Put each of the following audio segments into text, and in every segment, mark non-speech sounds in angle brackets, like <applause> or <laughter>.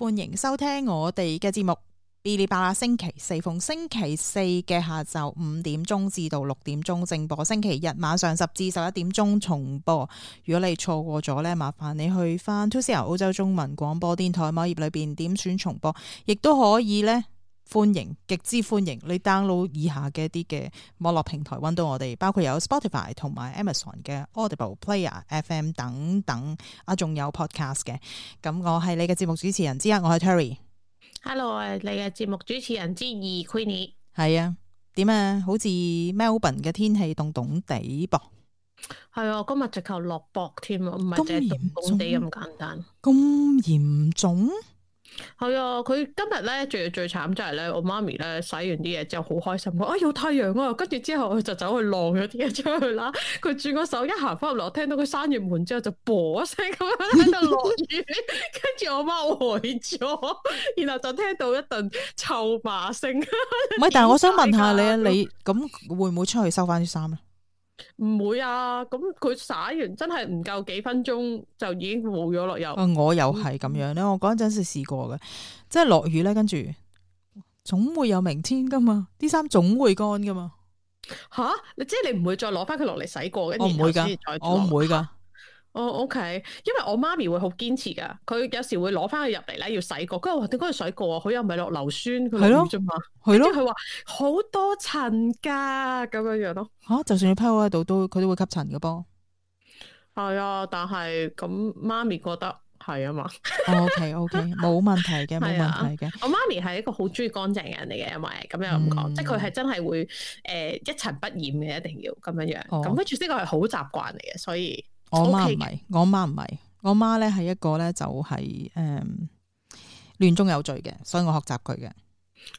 歡迎收聽我哋嘅節目，Bilibala，星期四逢星期四嘅下晝五點鐘至到六點鐘正播，星期日晚上十至十一點鐘重播。如果你錯過咗咧，麻煩你去翻 2CR 歐洲中文廣播電台網頁裏邊點選重播，亦都可以咧。歡迎，極之歡迎你 download 以下嘅一啲嘅網絡平台，揾到我哋，包括有 Spotify 同埋 Amazon 嘅 Audible Player、FM 等等，啊，仲有 podcast 嘅。咁我係你嘅節目主持人之一，我係 Terry。Hello，你嘅節目主持人之二，Queenie。係啊，點啊？好似 Melbourne 嘅天氣凍凍地噃。係啊、嗯，今日直頭落雹添喎，唔係淨係凍凍地咁簡單。咁嚴重？係啊，佢今日咧最最慘就係咧，我媽咪咧洗完啲嘢之後好開心，我、哎、有太陽啊，跟住之後佢就走去晾咗啲嘢出去啦。佢轉個手一行翻入嚟，我聽到佢閂完門之後就啵一聲咁樣喺度落雨，跟住 <laughs> 我媽回咗，然後就聽到一頓臭罵聲。唔係，但係我想問下你啊， <laughs> 你咁會唔會出去收翻啲衫啊？唔會啊，咁佢灑完真係唔夠幾分鐘就已經冇咗落油。啊，我又係咁樣咧，嗯、我嗰陣時試過嘅，即係落雨咧，跟住總會有明天噶嘛，啲衫總會乾噶嘛。吓、啊，即係你唔會再攞翻佢落嚟洗過嘅？我唔會噶，我唔會噶。哦、oh，OK，因為我媽咪會好堅持噶，佢有時會攞翻佢入嚟咧，要洗過。跟住話點解要洗過？佢又唔係落硫酸佢啫，係咯，佢話好多塵噶咁樣樣咯。吓、啊，就算你趴喺度都，佢都會吸塵噶噃。係啊，但係咁媽咪覺得係啊嘛。OK，OK，冇問題嘅，冇問題嘅。我媽咪係一個好中意乾淨嘅人嚟嘅，嗯、因為咁樣咁講，即係佢係真係會誒、呃、一塵不染嘅，一定要咁樣樣。咁跟住呢個係好習慣嚟嘅，所以。Oh. 我媽唔係 Okay.，我媽唔係，我媽咧係一個咧就係、是、誒、呃、亂中有序嘅，所以我學習佢嘅。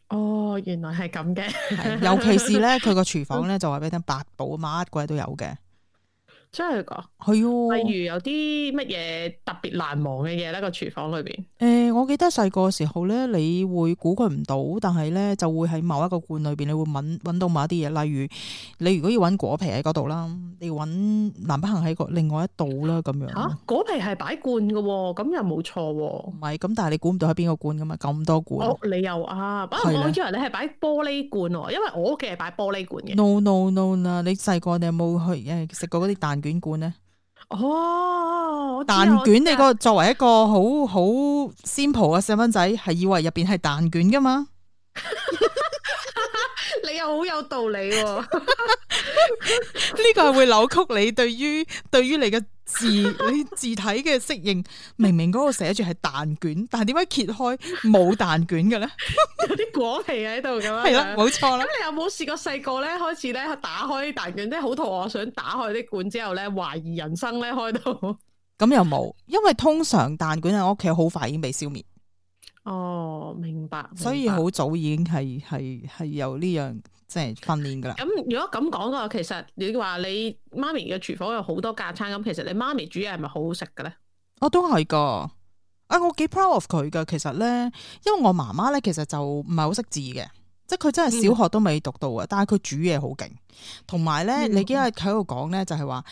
哦，原來係咁嘅。係，尤其是咧，佢個廚房咧就話俾你聽，八寶乜鬼都有嘅。真係噶，係咯。例如有啲乜嘢特別難忘嘅嘢咧，個廚房裏邊。誒、欸，我記得細個時候咧，你會估佢唔到，但係咧就會喺某一個罐裏邊，你會揾到某一啲嘢。例如你如果要揾果皮喺嗰度啦，你揾南北杏喺另外一度啦，咁樣。嚇、啊，果皮係擺罐嘅喎，咁又冇錯喎、啊。唔係，咁但係你估唔到喺邊個罐噶嘛？咁多罐。哦、你又啊？啊，我以為你係擺玻璃罐喎，呢因為我屋企係擺玻璃罐嘅。No no no 啦、no.！你細個你有冇去誒食過嗰啲蛋？卷罐咧，哦，蛋卷你個作為一個好好 simple 嘅細蚊仔，係以為入邊係蛋卷噶嘛？ <laughs> 你又好有道理，呢個係會扭曲你對於 <laughs> 對於你嘅。字你字體嘅適應，明明嗰個寫住係蛋卷，但係點解揭開冇蛋卷嘅咧？ <laughs> 有啲果皮喺度咁樣。係啦， <laughs> 冇錯啦。咁你有冇試過細個咧開始咧打開啲蛋卷，即係好肚餓想打開啲管之後咧懷疑人生咧開到？咁又冇，因為通常蛋卷喺屋企好快已經被消滅。哦，明白，明白，所以好早已經係係係有呢樣。即係訓練噶啦。咁如果咁講嘅話，其實你話你媽咪嘅廚房有好多架餐，咁其實你媽咪煮嘢係咪好好食嘅咧？我都係噶，啊我幾 proud of 佢噶。其實咧，因為我媽媽咧，其實就唔係好識字嘅，即係佢真係小學都未讀到啊。嗯、但係佢煮嘢好勁，同埋咧，嗯、你今日喺度講咧，就係、是、話。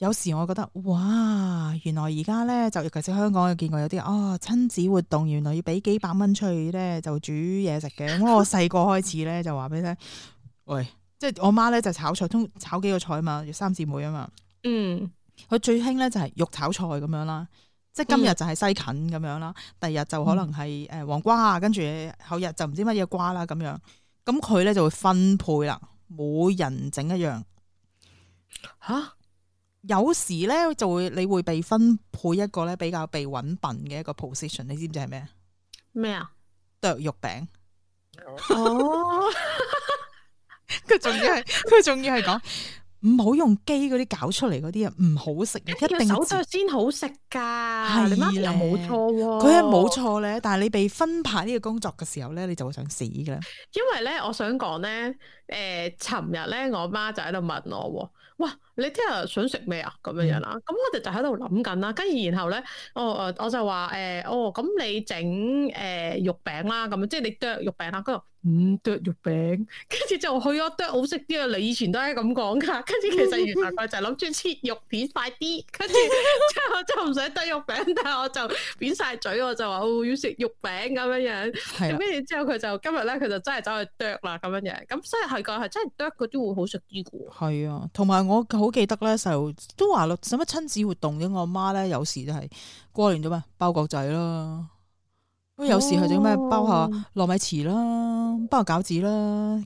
有時我覺得哇，原來而家咧就尤其是香港，我見過有啲啊、哦，親子活動原來要俾幾百蚊出去咧就煮嘢食嘅。咁 <laughs> 我細個開始咧就話俾你聽，喂，即係我媽咧就炒菜，通炒幾個菜啊嘛，三姊妹啊嘛，嗯，佢最興咧就係肉炒菜咁樣啦，即係今日就係西芹咁樣啦，嗯、第二日就可能係誒黃瓜啊，跟住、嗯、後日就唔知乜嘢瓜啦咁樣。咁佢咧就會分配啦，每人整一樣嚇。有時咧就會你會被分配一個咧比較被揾笨嘅一個 position，你知唔知係咩啊？咩啊？剁肉餅哦！佢仲要係佢仲要係講唔好用機嗰啲搞出嚟嗰啲啊，唔好食一定要手剁先好食噶。你媽又冇錯，佢係冇錯咧。但係你被分派呢個工作嘅時候咧，你就會想死噶啦。因為咧，我想講咧，誒、呃，尋日咧，我媽就喺度問我，哇！你聽日想食咩啊？咁樣樣啦，咁、嗯、我哋就喺度諗緊啦。跟住然後咧，我我我就話誒，哦，咁、欸哦、你整誒、呃、肉餅啦，咁即係你剁肉餅啦。跟住，唔、嗯、剁肉餅。跟住就去咗剁好食啲啊！你以前都係咁講噶。跟住其實原來佢就係諗住切肉片快，快啲。跟住之後我就唔使剁肉餅， <laughs> 但係我就扁晒嘴，我就話我要食肉餅咁樣樣。跟住、啊、之後佢就今日咧，佢就真係走去剁啦咁樣樣。咁所以係講係真係剁嗰啲會好食啲噶。係啊，同埋我我記得咧，細路都話咯，使乜親子活動啫？我媽咧有時就係過年做咩包角仔啦，咁、哦、有時係整咩包下糯米糍啦，包下餃子啦，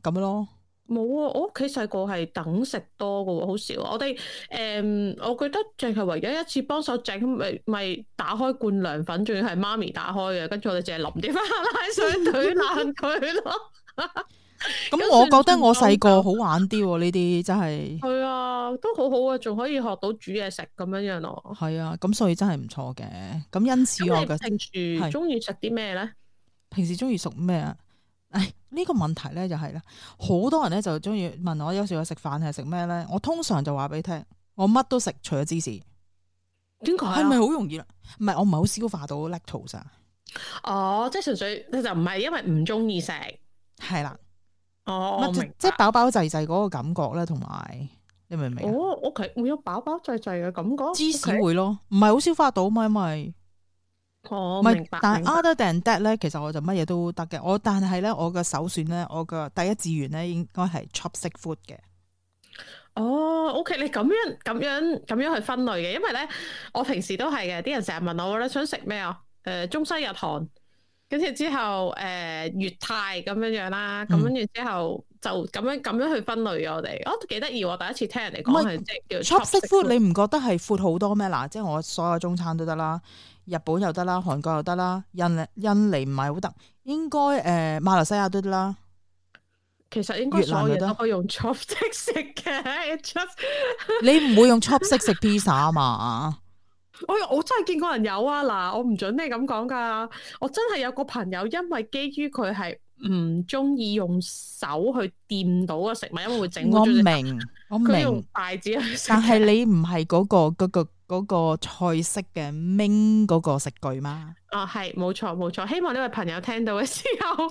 咁樣咯。冇啊、哦！我屋企細個係等食多噶，好少。我哋誒、嗯，我覺得淨係唯一一次幫手整，咪、就、咪、是、打開罐涼粉，仲要係媽咪打開嘅，跟住我哋淨係淋啲花奶水懟爛佢咯。退 <laughs> 咁、嗯嗯、我覺得我細個好玩啲喎，呢啲，嗯、真係。係啊，都好好啊，仲可以學到煮嘢食咁樣樣咯。係啊，咁所以真係唔錯嘅。咁因此我嘅，嗯、平時中意食啲咩咧？平時中意食咩？啊？唉、呢，這個問題咧就係、是、啦，好多人咧就中意問我，有時我食飯係食咩咧？我通常就話俾你聽，我乜都食，除咗芝士。點解？係咪好容易啊？唔係， <laughs> 我唔係好消化到 lactose 啊。哦，即係純粹就唔係因為唔中意食，係啦。哦，即係飽飽滯滯嗰個感覺咧，同埋你明唔明？我其實會有飽飽滯滯嘅感覺，芝士會咯，唔係好消化到啊嘛，咪我、哦、是明白。但係 other than that 咧，其實我就乜嘢都得嘅，我但係咧我嘅首選咧，我嘅第一志願咧，應該係中式 food 嘅。哦、oh，OK，你咁樣咁樣咁樣去分類嘅，因為咧我平時都係嘅，啲人成日問我咧，想食咩啊？誒、呃，中西日韓。跟住之後，誒粵、泰咁樣樣啦，咁跟住之後就咁樣咁樣去分類我哋、哦，我都幾得意喎！第一次聽人哋講係即係叫，chopstick 你唔覺得係闊好多咩？嗱，即係我所有中餐都得啦，日本又得啦，韓國又得啦，印印尼唔係好得，應該誒、呃、馬來西亞都得啦。其實應該所有都可以用 chopstick 食嘅 just，你唔會用 chopstick 食披薩嘛？ <laughs> <laughs> <laughs> 哎，我真係見過人有啊！嗱，我唔准你咁講噶，我真係有個朋友，因為基於佢係唔中意用手去掂到嘅食物，因為會整，我明，我明，用筷子去，去但係你唔係嗰個、嗰個、嗰個嗰個菜式嘅明嗰個食具嗎？啊，係冇錯冇錯，希望呢位朋友聽到嘅時候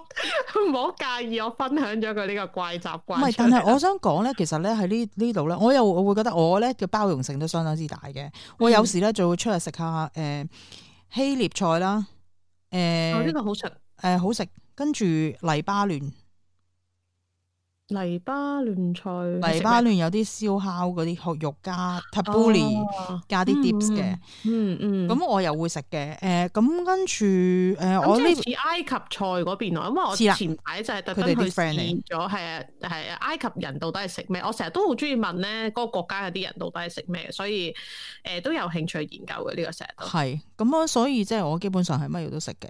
唔 <laughs> 好介意我分享咗佢呢個怪習慣。唔係，但係我想講咧，其實咧喺呢呢度咧，我又我會覺得我咧嘅包容性都相當之大嘅。我有時咧就會出嚟食下誒、呃、希臘菜啦，誒、呃，呢、哦呢個好食，誒、呃、好食，跟住黎巴嫩。黎巴嫩菜，黎巴嫩有啲燒烤嗰啲，學肉加 tabbouli 加啲 dips 嘅，哦，嗯嗯，咁，嗯、我又會食嘅，誒、呃，咁跟住，誒、呃，我即係似埃及菜嗰邊咯，像因為我前排就係特登去見咗，係啊係啊，埃及人到底係食咩？我成日都好中意問咧，嗰個國家有啲人到底係食咩，所以誒、呃，都有興趣研究嘅呢，這個成，係咁啊，所以即係我基本上係乜嘢都食嘅。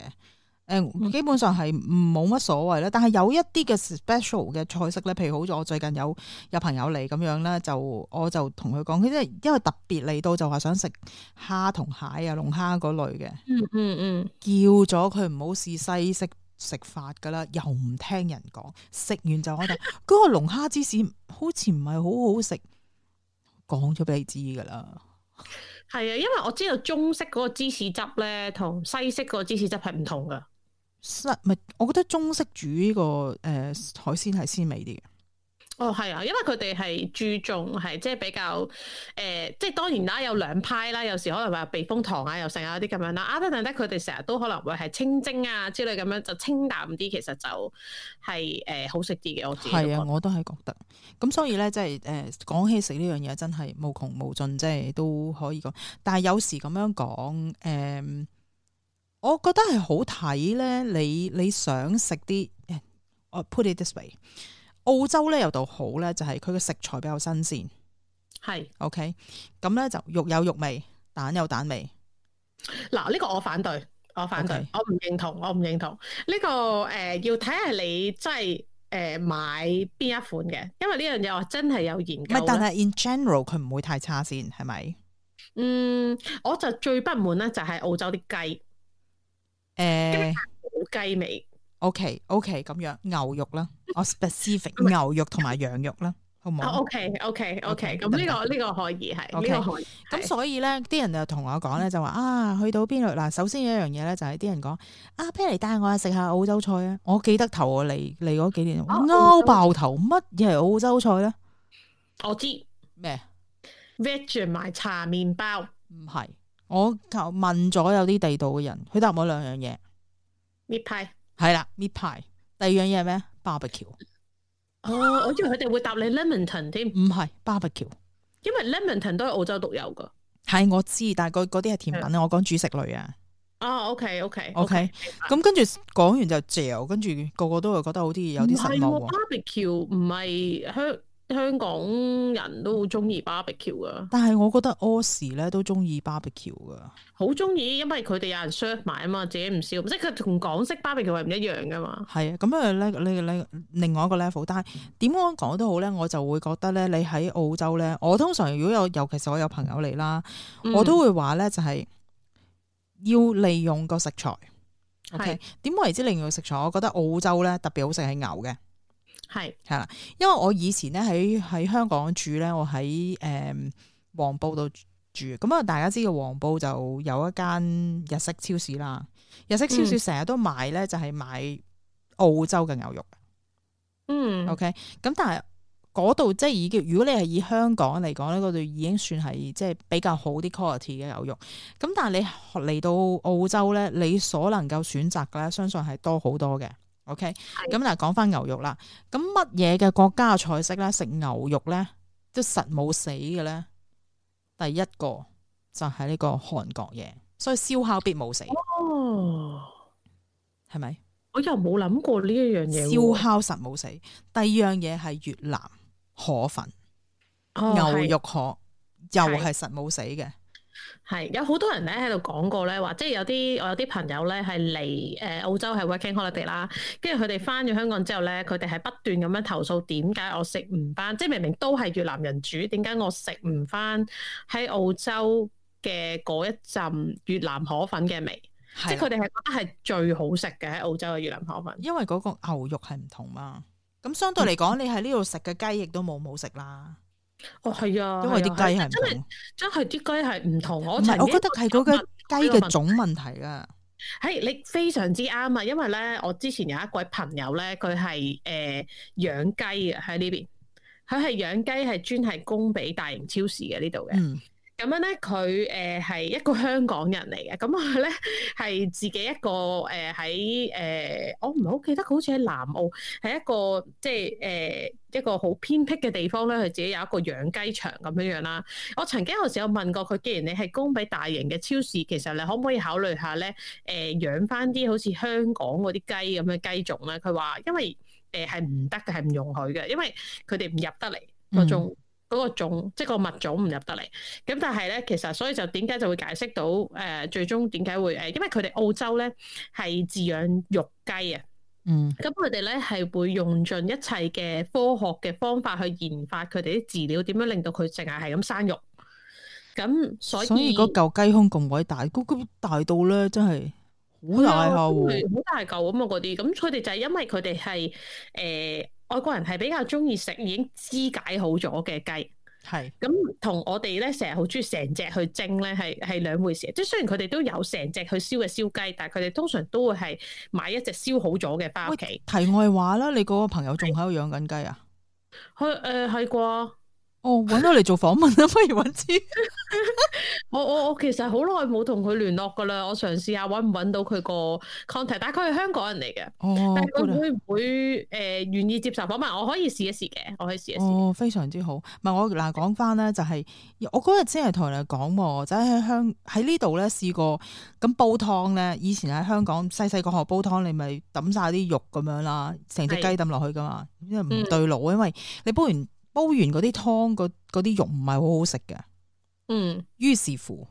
誒，基本上係冇乜所謂啦。但係有一啲嘅 special 嘅菜式咧，譬如好似我最近有有朋友嚟咁樣啦，就我就同佢講，佢即係因為特別嚟到就話想食蝦同蟹啊龍蝦嗰類嘅。嗯嗯嗯。叫咗佢唔好試西式食法噶啦，又唔聽人講，食完就開嘆。嗰 <laughs> 個龍蝦芝士好似唔係好好食，講咗俾你知噶啦。係啊，因為我知道中式嗰個芝士汁咧，同西式嗰個芝士汁係唔同噶。係我覺得中式煮呢、這個誒、呃、海鮮係鮮味啲嘅。哦，係啊，因為佢哋係注重係即係比較誒、呃，即係當然啦，有兩派啦，有時可能話避風塘啊，又剩啊啲咁樣啦，啊等等等，佢哋成日都可能會係清蒸啊之類咁樣，就清淡啲，其實就係、是、誒、呃、好食啲嘅。我自己係啊，我都係覺得。咁所以咧，即係誒講起食呢樣嘢，真係無窮無盡，即係都可以講。但係有時咁樣講誒。嗯嗯我覺得係好睇咧，你你想食啲，我、yeah, put it this way，澳洲咧有道好咧，就係佢嘅食材比較新鮮，係，OK，咁咧就肉有肉味，蛋有蛋味。嗱，呢個我反對，我反對，Okay. 我唔認同，我唔認同呢個誒，要睇下你即係誒買邊一款嘅，因為呢樣嘢我真係有研究。唔但係 in general 佢唔會太差先，係咪？嗯，我就最不滿咧就係澳洲啲雞。誒，雞尾，OK，OK，咁樣牛肉啦，我 specific 牛肉同埋羊肉啦，好唔好？OK，OK，OK，咁呢個呢個可以係，呢個可以。咁所以咧，啲人就同我講咧，就話啊，去到邊度？嗱，首先一樣嘢咧，就係啲人講啊，俾你帶我去食下澳洲菜啊！我記得頭我嚟嚟嗰幾年，嬲爆頭，乜嘢係澳洲菜咧？我知咩？Vegemite 埋茶麵包，唔係。我求問咗有啲地道嘅人，佢答我兩樣嘢 Meat pie，Meat pie 係啦 Meat pie，第二樣嘢係咩？barbecue 哦，我以為佢哋會答你 Lamington 添，唔係 barbecue，因為 Lamington 都係澳洲獨有噶，係我知，但係嗰啲係甜品啊，是我講主食類啊，哦 ok ok ok，咁、okay, Okay? Okay. 跟住講完就嚼，跟住個個都會覺得好啲，有啲失望喎，barbecue 唔係佢。香港人都好中意 barbecue 噶，但係我覺得澳式咧都中意 barbecue 噶，好中意，因為佢哋有人 share 埋啊嘛，自己唔燒，即係佢同港式 barbecue 係唔一樣噶嘛。係啊，咁樣咧，呢個咧，另外一個 level。但係點講都好咧，我就會覺得咧，你喺澳洲咧，我通常如果有，尤其是我有朋友嚟啦，嗯、我都會話咧，就係要利用個食材。是 OK，點為之利用食材？我覺得澳洲咧特別好食係牛嘅。係係啦，因為我以前咧喺喺香港住咧，我喺誒、嗯、黃埔度住，咁啊大家知道，黃埔就有一間日式超市啦，日式超市成日都買咧就係買澳洲嘅牛肉。嗯，OK，咁但係嗰度即係以，如果你係以香港嚟講咧，嗰度已經算係即係比較好啲 quality 嘅牛肉。咁但係你嚟到澳洲咧，你所能夠選擇嘅咧，相信係多好多嘅。OK，咁嗱係講翻牛肉啦，咁乜嘢嘅國家菜式咧？食牛肉咧，都實冇死嘅咧。第一個就係、是、呢個韓國嘢，所以燒烤必冇死哦，係咪吧？我又冇諗過呢一樣嘢，燒烤實冇死。第二樣嘢係越南河粉、哦、牛肉河，的又係實冇死嘅。係有好多人咧喺度講過咧，話即係有啲我有啲朋友咧係嚟誒澳洲係 working holiday 啦，跟住佢哋翻咗香港之後咧，佢哋係不斷咁樣投訴，點解我食唔翻，即係明明都係越南人煮，點解我食唔翻喺澳洲嘅嗰一浸越南河粉嘅味？啊、即係佢哋係覺得係最好食嘅喺澳洲嘅越南河粉，因為嗰個牛肉係唔同嘛。咁相對嚟講，嗯、你喺呢度食嘅雞翼都冇冇食啦。哦，係啊，因為啲雞係真係，真係啲雞係唔同。唔係，我覺得係嗰個雞嘅種問題啊。係你非常之啱啊，因為咧，我之前有一位朋友咧，佢係誒養雞嘅喺呢邊，佢係養雞係專係供俾大型超市嘅呢度嘅。嗯。咁樣咧，佢誒係一個香港人嚟嘅，咁佢咧係自己一個誒喺誒，我唔係好記得，好似喺南澳，喺一個即係誒、呃、一個好偏僻嘅地方咧，佢自己有一個養雞場咁樣樣啦。我曾經有時候問過佢，既然你係供俾大型嘅超市，其實你可唔可以考慮下咧？誒、呃，養翻啲好似香港嗰啲雞咁嘅雞種咧？佢話因為誒係唔得嘅，係唔容許嘅，因為佢哋唔入得嚟嗰種、嗯嗰個種即係個物種唔入得嚟，咁但係咧，其實所以就點解就會解釋到誒最終點解會誒，因為佢哋澳洲咧係飼養肉雞啊，嗯，咁佢哋咧係會用盡一切嘅科學嘅方法去研發佢哋啲飼料，點樣令到佢淨係係咁生肉。咁所以所以嗰嚿雞胸咁偉大，嗰嗰大到咧真係好大下喎，好大嚿啊嘛嗰啲，咁佢哋就係因為佢哋係誒。外國人係比較中意食已經肢解好咗嘅雞，係咁同我哋咧成日好中意成隻去蒸咧係係兩回事。即係雖然佢哋都有成隻去燒嘅燒雞，但係佢哋通常都會係買一隻燒好咗嘅返屋企。題外話啦，你嗰個朋友仲喺度養緊雞啊？佢誒係啩？哦，揾我嚟做訪問啊， <laughs> 不如揾知 <laughs> 我我我其實好耐冇同佢聯絡噶啦，我嘗試下揾唔揾到佢個 contact，大概係香港人嚟嘅。哦，但係佢會唔會誒、嗯呃、願意接受訪問？我可以試一試嘅，我可以試一試。哦，非常之好。唔係我嗱講翻咧，就係、是、我嗰日先係同人講喎，就喺香喺呢度咧試過咁煲湯咧。以前喺香港細細個學煲湯，你咪揼晒啲肉咁樣啦，成隻雞揼落去噶嘛的，因為唔對路，因為你煲完，煲完嗰啲湯，嗰啲肉唔係好好食嘅。嗯，於是乎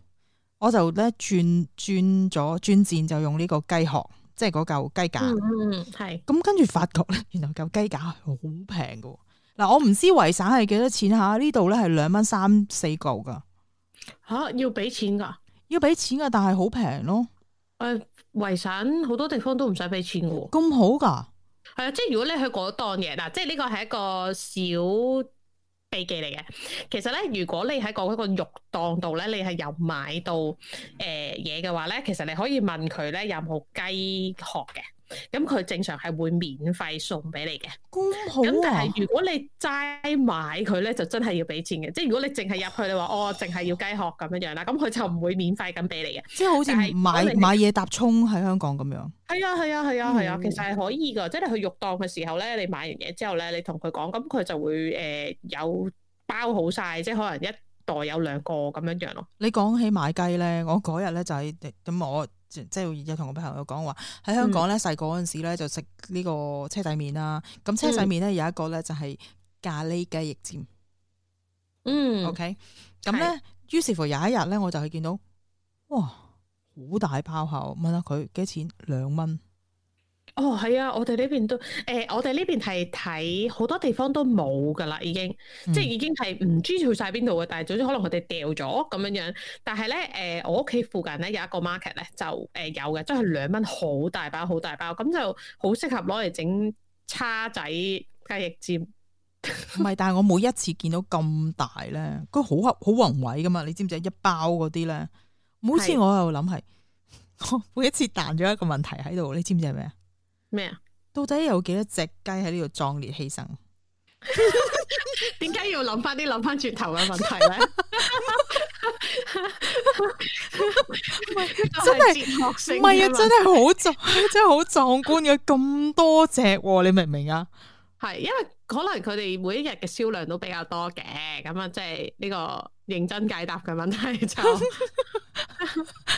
我就咧轉轉咗轉戰，就用呢個雞殼，即係嗰嚿雞架。嗯，係。咁跟住發覺咧，原來嚿雞架係好平噶。嗱、嗯，我唔知維省係幾多錢吓，呢度咧係兩蚊三四嚿噶。吓、啊，要俾錢噶？要俾錢噶，但係好平咯。誒、呃，維省好多地方都唔使俾錢噶。咁好噶？係啊、嗯，即係如果你去嗰檔嘢，嗱，即係呢個係一個小秘技嚟嘅。其實咧，如果你喺嗰個肉檔度咧，你係有買到誒嘢嘅話咧，其實你可以問佢咧有冇雞殼嘅。咁佢正常係會免費送俾你嘅，咁、啊、但係如果你齋買佢咧，就真係要俾錢嘅。即係如果你淨係入去，你話哦，淨係要雞殼咁樣樣啦，咁佢就唔會免費咁俾你嘅。即係好似買買嘢搭蔥喺香港咁樣。係啊係啊係啊係啊，其實係可以噶。即係你去肉檔嘅時候咧，你買完嘢之後咧，你同佢講，咁佢就會誒有、呃、包好晒，即係可能一袋有兩個咁樣樣咯。你講起買雞咧，我嗰日咧就係、是、咁我。即係有同我朋友講話喺香港咧，細個嗰陣時咧，就食呢個車仔麵啦，咁、嗯、車仔麵咧有一個咧就係咖喱雞翼尖，嗯，OK，咁咧於是乎有一日咧我就去見到，哇，好大包口，問下佢幾多錢？兩蚊。哦，係啊！我哋呢邊都，誒、呃，我哋呢邊係睇好多地方都冇噶啦，已經、嗯、即係已經係唔知去晒邊度嘅。但係總之可能佢哋掉咗咁樣樣。但係咧，誒、呃，我屋企附近咧有一個 market 咧就誒、呃、有嘅，即係兩蚊好大包，好大包咁就好適合攞嚟整叉仔雞翼尖。唔係，但係我每一次見到咁大咧，佢好合好宏偉噶嘛？你知唔知一包嗰啲咧，好似我又諗係對 <laughs> 每一次彈咗一個問題喺度，你知唔知係咩啊？咩啊？到底有幾多隻雞喺呢度壯烈犧牲？點解要諗翻啲諗翻轉頭嘅問題咧？真係唔係啊！真係好壯，真係好壯觀嘅，咁多隻喎、啊，你明唔明啊？係，因為可能佢哋每一日嘅銷量都比較多嘅。咁啊，即係呢個認真解答嘅問題就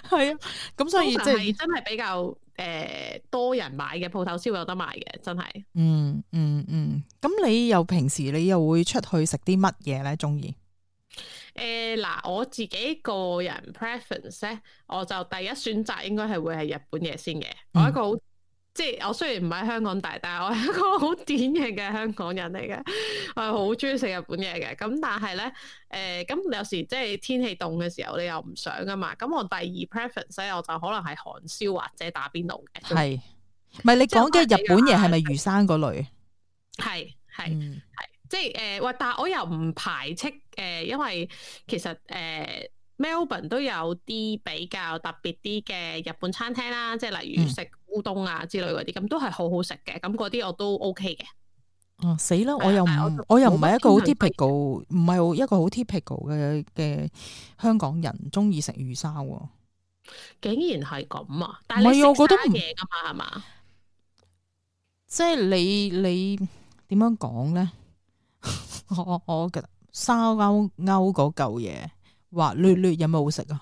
係啊，咁所以就係真係比較誒、呃、多人買嘅鋪頭先有得賣嘅，真係、嗯。嗯嗯嗯。咁你又平時你又會出去食啲乜嘢咧？鍾意？誒，嗱，我自己個人 preference 咧，我就第一選擇應該係會係日本嘢先嘅，我一個好。即係我雖然唔喺香港大，但係我係一個好典型嘅香港人嚟嘅。我係好中意食日本嘢嘅，咁但係咧，誒、呃，咁有時即係天氣凍嘅時候，你又唔想㗎嘛？咁我第二 preference 咧，我就可能係韓燒或者打邊爐嘅。係，唔係你講嘅日本嘢係咪魚生嗰類？係係係，即係誒，喂、呃，但係我又唔排斥誒、呃，因為其實誒。呃 Melbourne 都有啲比較特別啲嘅日本餐廳啦，即係例如食烏冬啊之類嗰啲咁，都係好好食嘅。咁嗰啲我都 OK 嘅。哦，死啦！我又我又唔係一個好 typical，唔係一個好 typical 嘅嘅香港人，中意食魚生喎。竟然係咁啊！但係你食生嘢㗎嘛係嘛？即係你你點樣講咧？我我覺得燒鈎鈎嗰嚿嘢。滑捋捋有冇好食啊？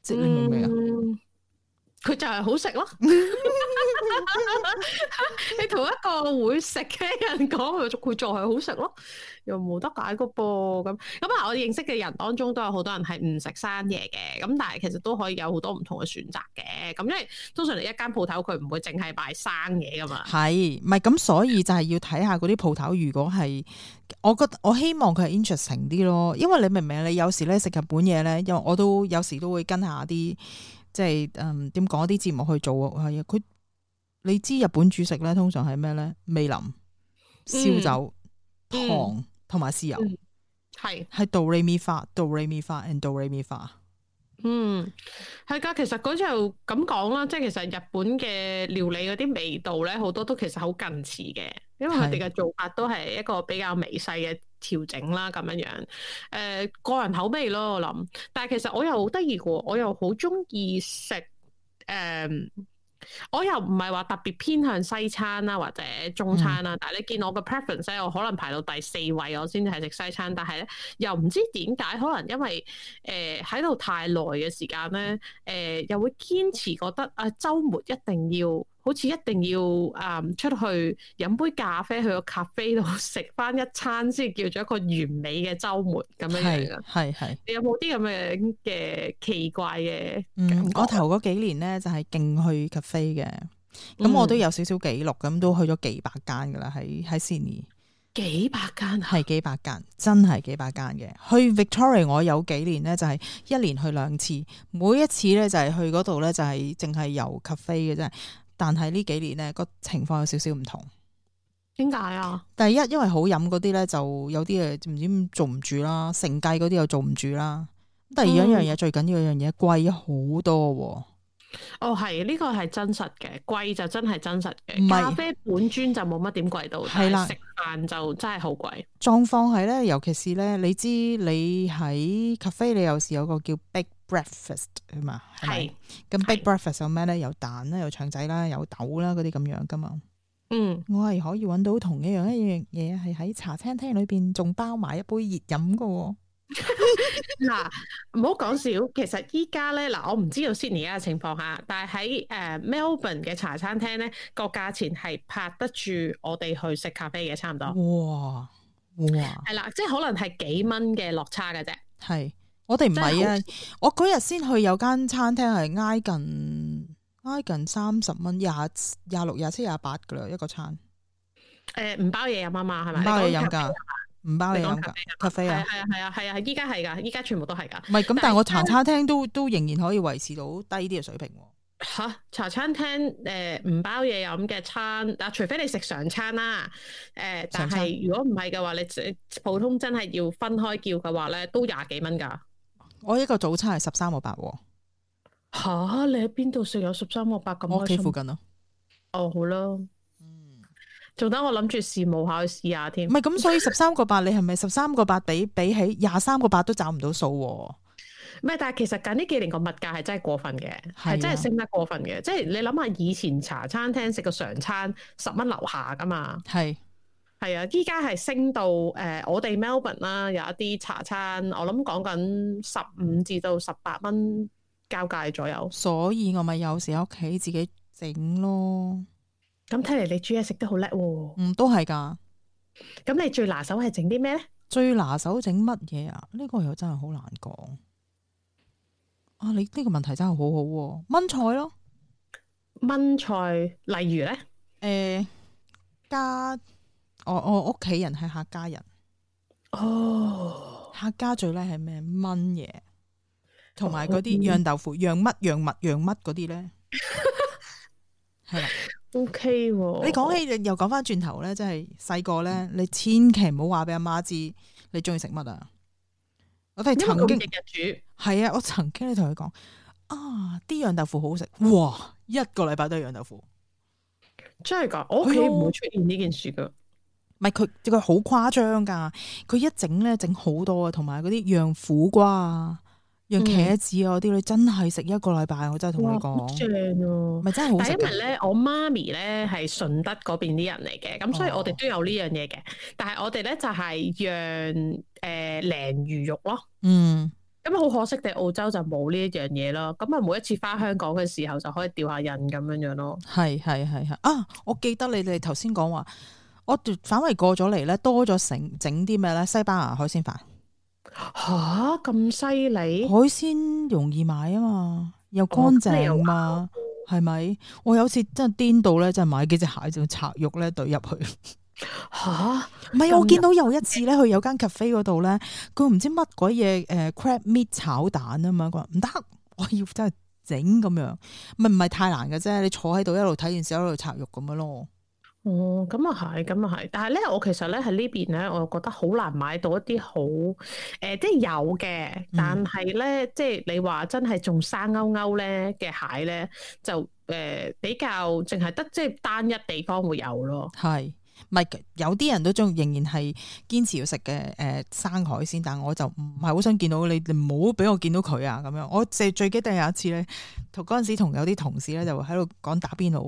即你明未啊？ <laughs> 檬味佢就係好食咯， <laughs> 你同一個會食嘅人講佢，佢做係好食咯，又冇得解嘅噃咁咁啊！我認識嘅人當中都有好多人係唔食生嘢嘅，咁但係其實都可以有好多唔同嘅選擇嘅。咁因為通常嚟一間鋪頭，佢唔會淨係擺生嘢噶嘛。係，唔係咁，所以就係要睇下嗰啲鋪頭。如果係我覺得我希望佢係 interesting 啲咯，因為你明唔明？你有時咧食日本嘢咧，因為我都有時都會跟下啲。即係嗯，點講一啲節目去做係啊，佢你知日本主食咧，通常係咩咧？味醂、燒酒、糖同埋豉油，係係、嗯、do re mi fa do re mi fa and do re mi fa。嗯，係噶，其實嗰時候咁講啦，即係其實日本嘅料理嗰啲味道咧，好多都其實好近似嘅，因為佢哋嘅做法都係一個比較微細嘅。調整啦咁樣樣，誒、呃、個人口味咯我諗，但係其實我又好得意嘅，我又好中意食誒，我又唔係話特別偏向西餐啦、啊、或者中餐啦、啊，但係你見我個 preference 我可能排到第四位，我先至係食西餐，但係咧又唔知點解，可能因為誒喺度太耐嘅時間咧，誒、呃、又會堅持覺得啊、呃、週末一定要。好似一定要啊出去飲杯咖啡，去個咖啡度食翻一餐，先叫做一個完美嘅周末咁樣樣嘅，係係。你有冇啲咁嘅嘅奇怪嘅、嗯？我頭嗰幾年咧就係勁去咖啡嘅，咁、嗯、我都有少少記錄，咁都去咗幾百間噶啦，喺喺悉尼幾百間係、啊、幾百間，真係幾百間嘅。去 Victoria 我有幾年咧就係一年去兩次，每一次咧就係去嗰度咧就係淨係遊咖啡嘅啫。但係呢幾年咧個情況有少少唔同，點解啊？第一，因為好飲嗰啲咧就有啲嘢唔知做唔住啦，成計嗰啲又做唔住啦。第二，一樣嘢最緊要，一樣嘢貴好多喎。哦，係呢、這個係真實嘅，貴就真係真實嘅。是咖啡本尊就冇乜點貴到，係啦的。食飯就真係好貴。狀況係咧，尤其是咧，你知你喺咖啡，你有時有個叫 big breakfast 啊嘛，係咪？咁 big breakfast 有咩咧是？有蛋啦，有腸仔啦，有豆啦，嗰啲咁樣噶嘛。嗯，我係可以揾到同一樣一樣嘢，係喺茶餐廳裏邊仲包埋一杯熱飲噶。嗱，唔好講笑，其實依家咧嗱，我唔知道 Sydney 悉尼嘅情況下，但係喺誒 Melbourne 嘅茶餐廳咧，個價錢係拍得住我哋去食咖啡嘅，差唔多。哇哇，係啦，即係可能係幾蚊嘅落差噶啫。係我哋唔係啊，我嗰日先去有間餐廳係挨近挨近三十蚊，廿廿六、廿七、廿八噶啦，一個餐。誒、呃，唔包嘢飲啊嘛，係咪？包嘢飲噶。唔包飲你飲噶，咖啡啊，係啊啡，係啊啡，係啊，依家係噶，依家全部都係噶。唔係咁，但係我茶餐廳都都仍然可以維持到低啲嘅水平。吓，茶餐廳誒唔包嘢飲嘅餐，嗱、啊、除非你食常餐啦，誒、呃，但係餐如果唔係嘅話，你普通真係要分開叫嘅話咧，都廿幾蚊噶。我一個早餐係十三個八喎。吓，你喺邊度食有十三個八咁？屋企附近啊。哦、oh，好啦。仲等我諗住試模下去試下添。唔係咁，所以十三個八你係咪十三個八比比起廿三個八都找唔到數？咩？但係其實近呢幾年個物價係真係過分嘅，係真係升得過分嘅。是啊、即係你諗下以前茶餐廳食個常餐十蚊樓下㗎嘛？係係是啊，依家係升到誒、呃，我哋 Melbourne 啦有一啲茶餐，我諗講緊十五至到十八蚊交界左右。所以我咪有時喺屋企自己整咯。咁睇嚟，你煮嘢食都好叻喎。嗯，都係噶。咁你最拿手係整啲咩咧？最拿手整乜嘢啊？呢、這個又真係好難講。啊，你呢個問題真係好好、啊。炆菜咯，炆菜例如咧，誒、呃，家我我屋企人係客家人。哦。客家最叻係咩？炆嘢，同埋嗰啲釀豆腐、釀乜、釀物、釀乜嗰啲咧。係啦。OK 喎，你講起又講翻轉頭咧，即係細個咧，你千祈唔好話俾阿媽知你中意食乜啊！我哋曾經係啊，我曾經咧同佢講啊，啲釀豆腐好好食，哇，一個禮拜都係釀豆腐，真係噶，我屋企唔會出現呢件事噶。唔係佢，佢好誇張噶，佢一整咧整好多啊，同埋嗰啲釀苦瓜啊。釀茄子啊！啲你真係食一個禮拜，我真係同你講，唔係真係好抵。因為咧，我媽咪咧係順德嗰邊啲人嚟嘅，咁所以我哋都有呢樣嘢嘅。但係我哋咧就係釀誒鯪魚肉咯。嗯，咁好可惜，哋澳洲就冇呢樣嘢咯。咁啊，每一次返香港嘅時候，就可以掉下印咁樣樣咯。係係係係啊！我記得你哋頭先講話，我反而過咗嚟咧，多咗成整啲咩咧？西班牙海鮮飯。吓，咁犀利！海鮮容易買啊嘛，又乾淨啊嘛，係咪？哦？我有次真係顛到咧，就買幾隻蟹就拆肉咧懟入去。吓 <laughs> 蛤，唔係我見到又一次咧，佢有間 cafe 嗰度咧，佢唔知乜鬼嘢誒 crab meat 炒蛋啊嘛，佢話唔得，我要真係整咁樣，咪唔係太難嘅啫，你坐喺度一路睇電視，一路拆肉咁樣咯。哦，咁咪係，咁咪係，但係咧，我其實咧喺呢邊咧，我覺得好難買到一啲好，誒、呃，即係有嘅，但係咧，嗯、即係你話真係仲生勾勾咧嘅蟹咧，就誒、呃、比較淨係得即係單一地方會有咯，係。唔係有啲人都鍾意仍然係堅持要食嘅誒生海鮮，但我就唔係好想見到你，你唔好俾我見到佢啊咁樣。我即係最記得有一次咧，同嗰陣時同有啲同事咧就喺度講打邊爐。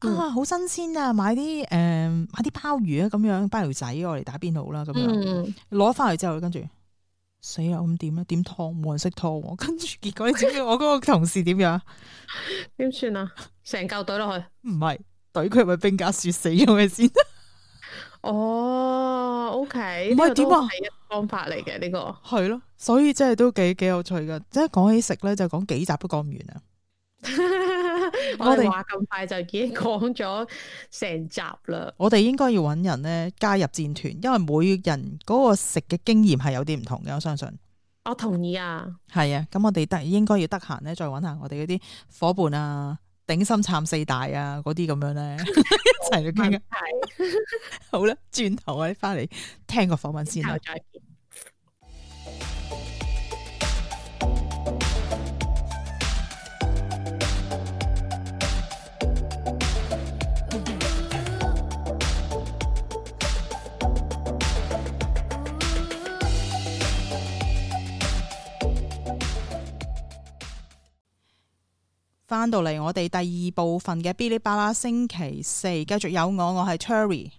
佢話啊好、嗯啊、新鮮啊，買啲誒、呃、買啲鮑魚啊咁樣，鮑魚仔我嚟打邊爐啦咁樣。攞翻嚟之後跟住死啦，咁點咧？點湯冇人識湯。跟住結果你知唔知我嗰個同事點樣？點 <laughs> 算啊？成嚿懟落去，唔係懟佢係咪冰格雪死咗咪先？ <laughs> 哦，OK，呢是個都係麼方法嚟嘅呢個，係咯，所以真係都幾幾有趣噶。即係講起食咧，就講幾集都講唔完啦、啊。 <laughs> <laughs> 我哋話咁快就已經講咗成集啦。我哋應該要揾人咧加入戰團，因為每人嗰個食嘅經驗係有啲唔同嘅，我相信。我同意啊。係啊，咁我哋得應該要得閒咧，再揾下我哋嗰啲夥伴啊。頂心撐四大啊，嗰啲咁樣咧一齊去傾。係好啦，轉頭啊，翻嚟聽個訪問先啦。翻到嚟，我哋第二部分嘅 Bilibala，星期四繼續有我，我係 Terry。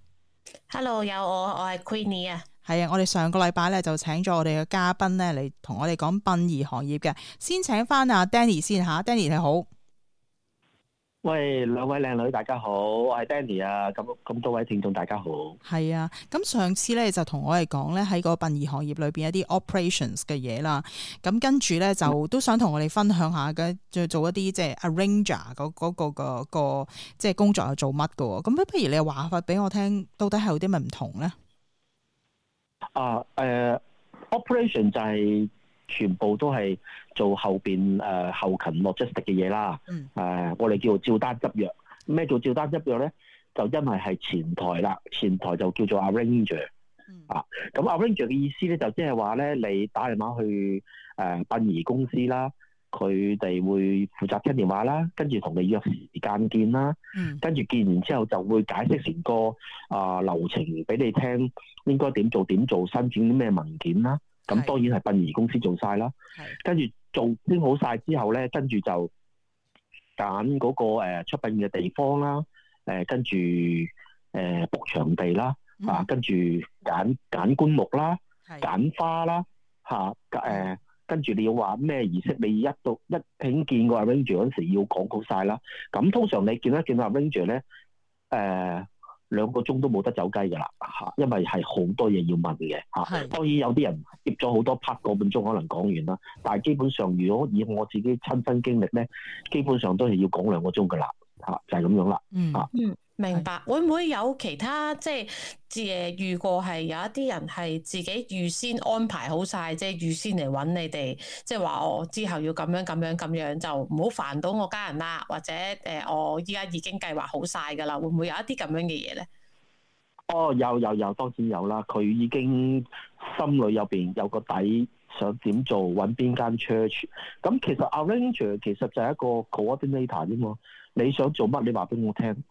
Hello，有我，我係 Queenie 啊。係啊，我哋上個禮拜咧就請咗我哋嘅嘉賓咧嚟同我哋講殯儀行業嘅，先請翻阿 Danny 先吓，Danny 你好。喂，兩位靚女，大家好，我係 Danny 啊。咁咁多位聽眾，大家好。係啊，咁上次咧就同我哋講咧喺個殯儀行業裏邊一啲 operations 嘅嘢啦。咁跟住咧就都想同我哋分享下嘅，就做一啲即係 arranger 嗰嗰個個個即係工作係做乜嘅喎？咁不不如你話翻俾我聽，到底係有啲咩唔同咧？啊，誒，operation 就係全部都係。做後邊誒、呃、後勤 Logistics 嘅嘢啦，誒、呃、我哋叫做照單執藥。咩叫照單執藥咧？就因為係前台啦，前台就叫做 Arranger 啊。咁 Arranger 嘅意思咧，就即係話咧，你打電話去誒、呃、殯儀公司啦，佢哋會負責聽電話啦，跟住同你約時間見啦，嗯、跟住見完之後就會解釋成個啊流程俾你聽，應該點做點做，申請啲咩文件啦。咁當然係殯儀公司做曬啦，跟住做拎好曬之後咧，跟住就揀嗰個誒出殯嘅地方啦，誒跟住誒卜場地啦，啊跟住揀揀棺木啦，揀花啦嚇誒，跟住你要話咩儀式，你一到一聽見過阿 Ringie 嗰陣時要講好曬啦。咁通常你見一見阿 Ringie 咧，誒。兩個鐘都冇得走雞㗎啦，嚇！因為係好多嘢要問嘅，嚇、啊。是當然有啲人接咗好多 part 個半鐘可能講完啦，但係基本上如果以我自己親身經歷咧，基本上都係要講兩個鐘㗎啦，嚇、啊、就係、是、咁樣啦，嚇、嗯。啊嗯明白，會唔會有其他即係誒遇過係有一啲人係自己預先安排好晒，即係預先嚟揾你哋，即係話我之後要咁樣咁樣咁樣，樣樣就唔好煩到我家人啦，或者誒我依家已經計劃好晒㗎啦，會唔會有一啲咁樣嘅嘢咧？哦，有有有，當然有啦！佢已經心裏入邊有個底，想點做揾邊間 church？咁其實 arranger 其實就係一個 coordinator 啫嘛，你想做乜？你話俾我聽。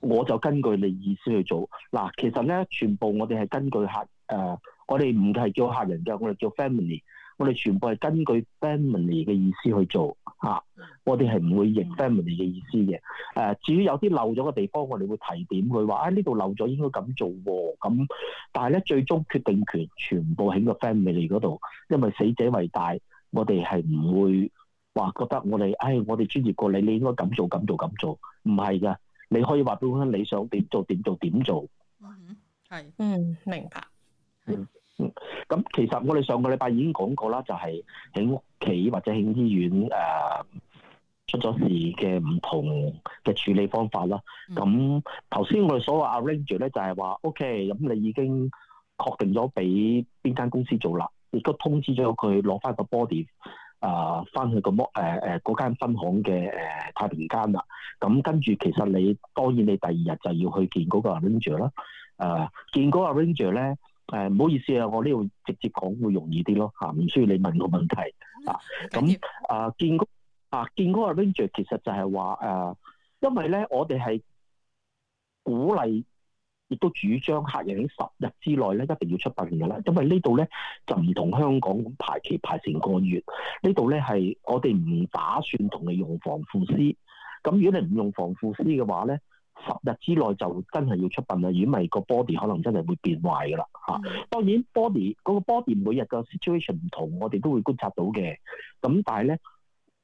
我就根據你意思去做嗱，其實咧全部我哋係根據客誒、呃，我哋唔係叫客人嘅，我哋叫 family，我哋全部係根據 family 嘅意思去做嚇、啊，我哋係唔會譯 family 嘅意思嘅誒、啊。至於有啲漏咗嘅地方，我哋會提點佢話啊呢度漏咗應該咁做喎、哦、咁，但係咧最終決定權全部喺個 family 嗰度，因為死者為大，我哋係唔會話覺得我哋唉、哎、我哋專業過你，你應該咁做咁做咁做，唔係㗎。你可以話俾佢聽，你想點做點做點做，係，做嗯，明白，咁、嗯嗯嗯嗯、其實我哋上個禮拜已經講過啦，就係喺屋企或者喺醫院誒、呃、出咗事嘅唔同嘅處理方法啦。咁頭先我哋所謂 arrange 咧，就係、是、話 OK，咁你已經確定咗俾邊間公司做啦，亦都通知咗佢攞翻個 body。啊，翻去個摩誒誒嗰間分行嘅誒太平間啦，咁、啊、跟住其實你當然你第二日就要去見嗰個 arranger 啦、啊啊啊啊啊，啊，見嗰、嗰個 arranger 咧，誒唔好意思啊，我呢度直接講會容易啲咯嚇，唔需要你問個問題啊，咁啊見嗰啊見嗰個 arranger 其實就係話誒，因為咧我哋係鼓勵。亦都主張客人喺十日之內咧一定要出殯㗎啦，因為呢度咧就唔同香港咁排期排成個月，呢度咧係我哋唔打算同你用防腐師。咁如果你唔用防腐師嘅話咧，十日之內就真係要出殯啦。如果唔係個 body 可能真係會變壞㗎啦嚇。嗯、當然 body 嗰個 body 每日嘅 situation 唔同，我哋都會觀察到嘅。咁但係咧。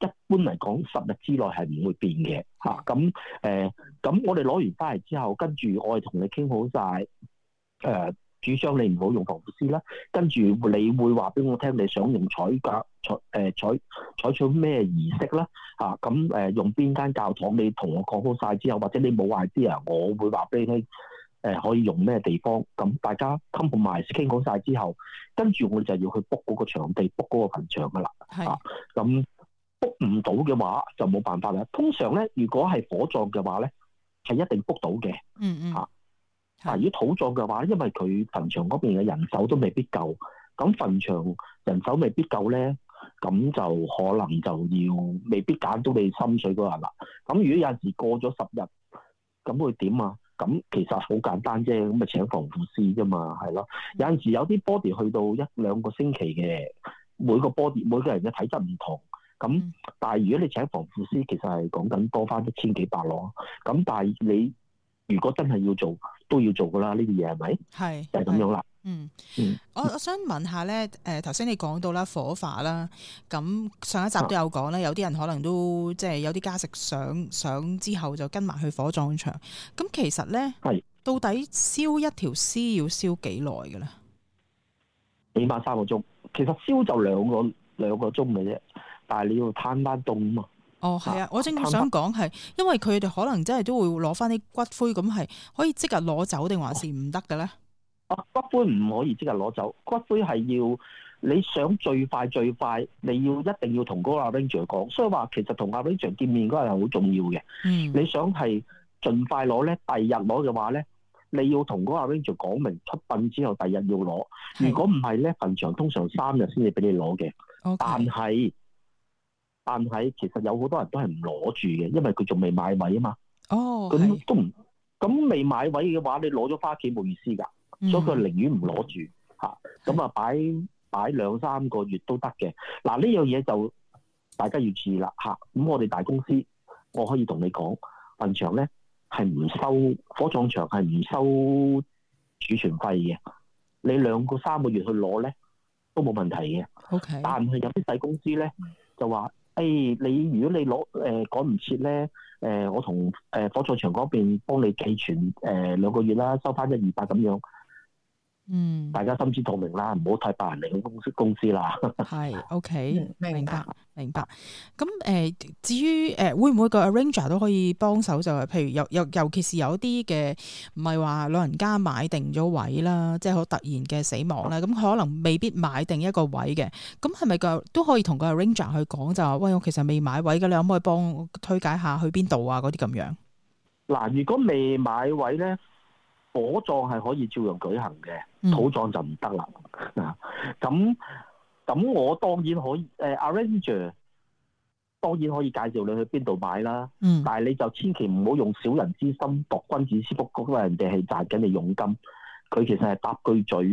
一般嚟講，十日之內係唔會變嘅嚇。咁誒，咁我哋攞完翻嚟之後，跟住我係同你傾好晒，誒，主張你唔好用防腐師啦。跟住你會話俾我聽，你想用採教採誒採採取咩儀式啦嚇？咁誒用邊間教堂？你同我講好晒之後，或者你冇 idea 啊，我會話俾你聽誒，可以用咩地方？咁大家 combine 傾好晒之後，跟住我哋就要去 book 嗰個場地，book 嗰個墳場嘅啦嚇。咁卜唔到嘅話就冇辦法啦。通常咧，如果係火葬嘅話咧，係一定卜到嘅。嗯嗯吓，但係如果土葬嘅話咧，因為佢墳場嗰邊嘅人手都未必夠，咁墳場人手未必夠咧，咁就可能就要未必揀到你心水嗰日啦。咁如果有陣時過咗十日，咁會點啊？咁其實好簡單啫，咁咪請防腐師啫嘛，係咯。有陣時有啲 body 去到一兩個星期嘅，每個 body 每個人嘅體質唔同。咁，嗯、但係如果你請防腐師，其實係講緊多翻一千幾百攞。咁，但係你如果真係要做，都要做噶啦。呢啲嘢係咪？係，是就係咁樣啦。嗯嗯，我我想問下咧，誒頭先你講到啦火化啦，咁上一集都有講啦，嗯、有啲人可能都即係、就是、有啲家屬想想之後就跟埋去火葬場。咁其實咧，係是到底燒一條屍要燒幾耐嘅咧？起碼三個鐘，其實燒就兩個兩個鐘嘅啫。但係你要攤翻凍啊嘛！哦，係啊，我正想講係，因為佢哋可能真係都會攞翻啲骨灰咁，係可以即日攞走定還是唔得嘅咧？哦，骨灰唔可以即日攞走，骨灰係要你想最快最快，你要一定要同嗰個阿 Ranger 講，所以話其實同阿 Ranger 見面嗰日係好重要嘅。嗯，你想係盡快攞咧，第二日攞嘅話咧，你要同嗰個阿 Ranger 講明出殯之後第二日要攞。是如果唔係咧，墳場通常三日先至俾你攞嘅。Okay. 但係。但係其實有好多人都係唔攞住嘅，因為佢仲未買位啊嘛。哦、oh,，咁都唔咁未買位嘅話，你攞咗花旗冇意思㗎，所以佢寧願唔攞住嚇。咁、mm hmm. 啊，就擺擺兩三個月都得嘅。嗱呢樣嘢就大家要注意啦嚇。咁、啊、我哋大公司我可以同你講，墳場咧係唔收火葬場係唔收儲存費嘅。你兩個三個月去攞咧都冇問題嘅。O K。但係有啲細公司咧就話。誒、哎，你如果你攞誒、呃、趕唔切咧，誒、呃、我同誒火葬場嗰邊幫你寄存誒、呃、兩個月啦，收翻一二百咁樣。嗯，大家心知肚明啦，唔好太拜人哋公司公司啦。係 <laughs> ，OK，明白，明白。咁誒，至於誒、呃、會唔會個 arranger 都可以幫手？就係譬如有有，尤其是有啲嘅唔係話老人家買定咗位啦，即係好突然嘅死亡咧，咁、嗯、可能未必買定一個位嘅。咁係咪個都可以同個 arranger 去講？就話喂，我其實未買位嘅，你可唔可以幫我推介下去邊度啊？嗰啲咁樣。嗱，如果未買位咧。火葬係可以照樣舉行嘅，土葬就唔得啦。啊，咁咁我當然可以，誒 arranger 當然可以介紹你去邊度買啦。嗯，但係你就千祈唔好用小人之心度君子之腹，因為人哋係賺緊你佣金，佢其實係搭句嘴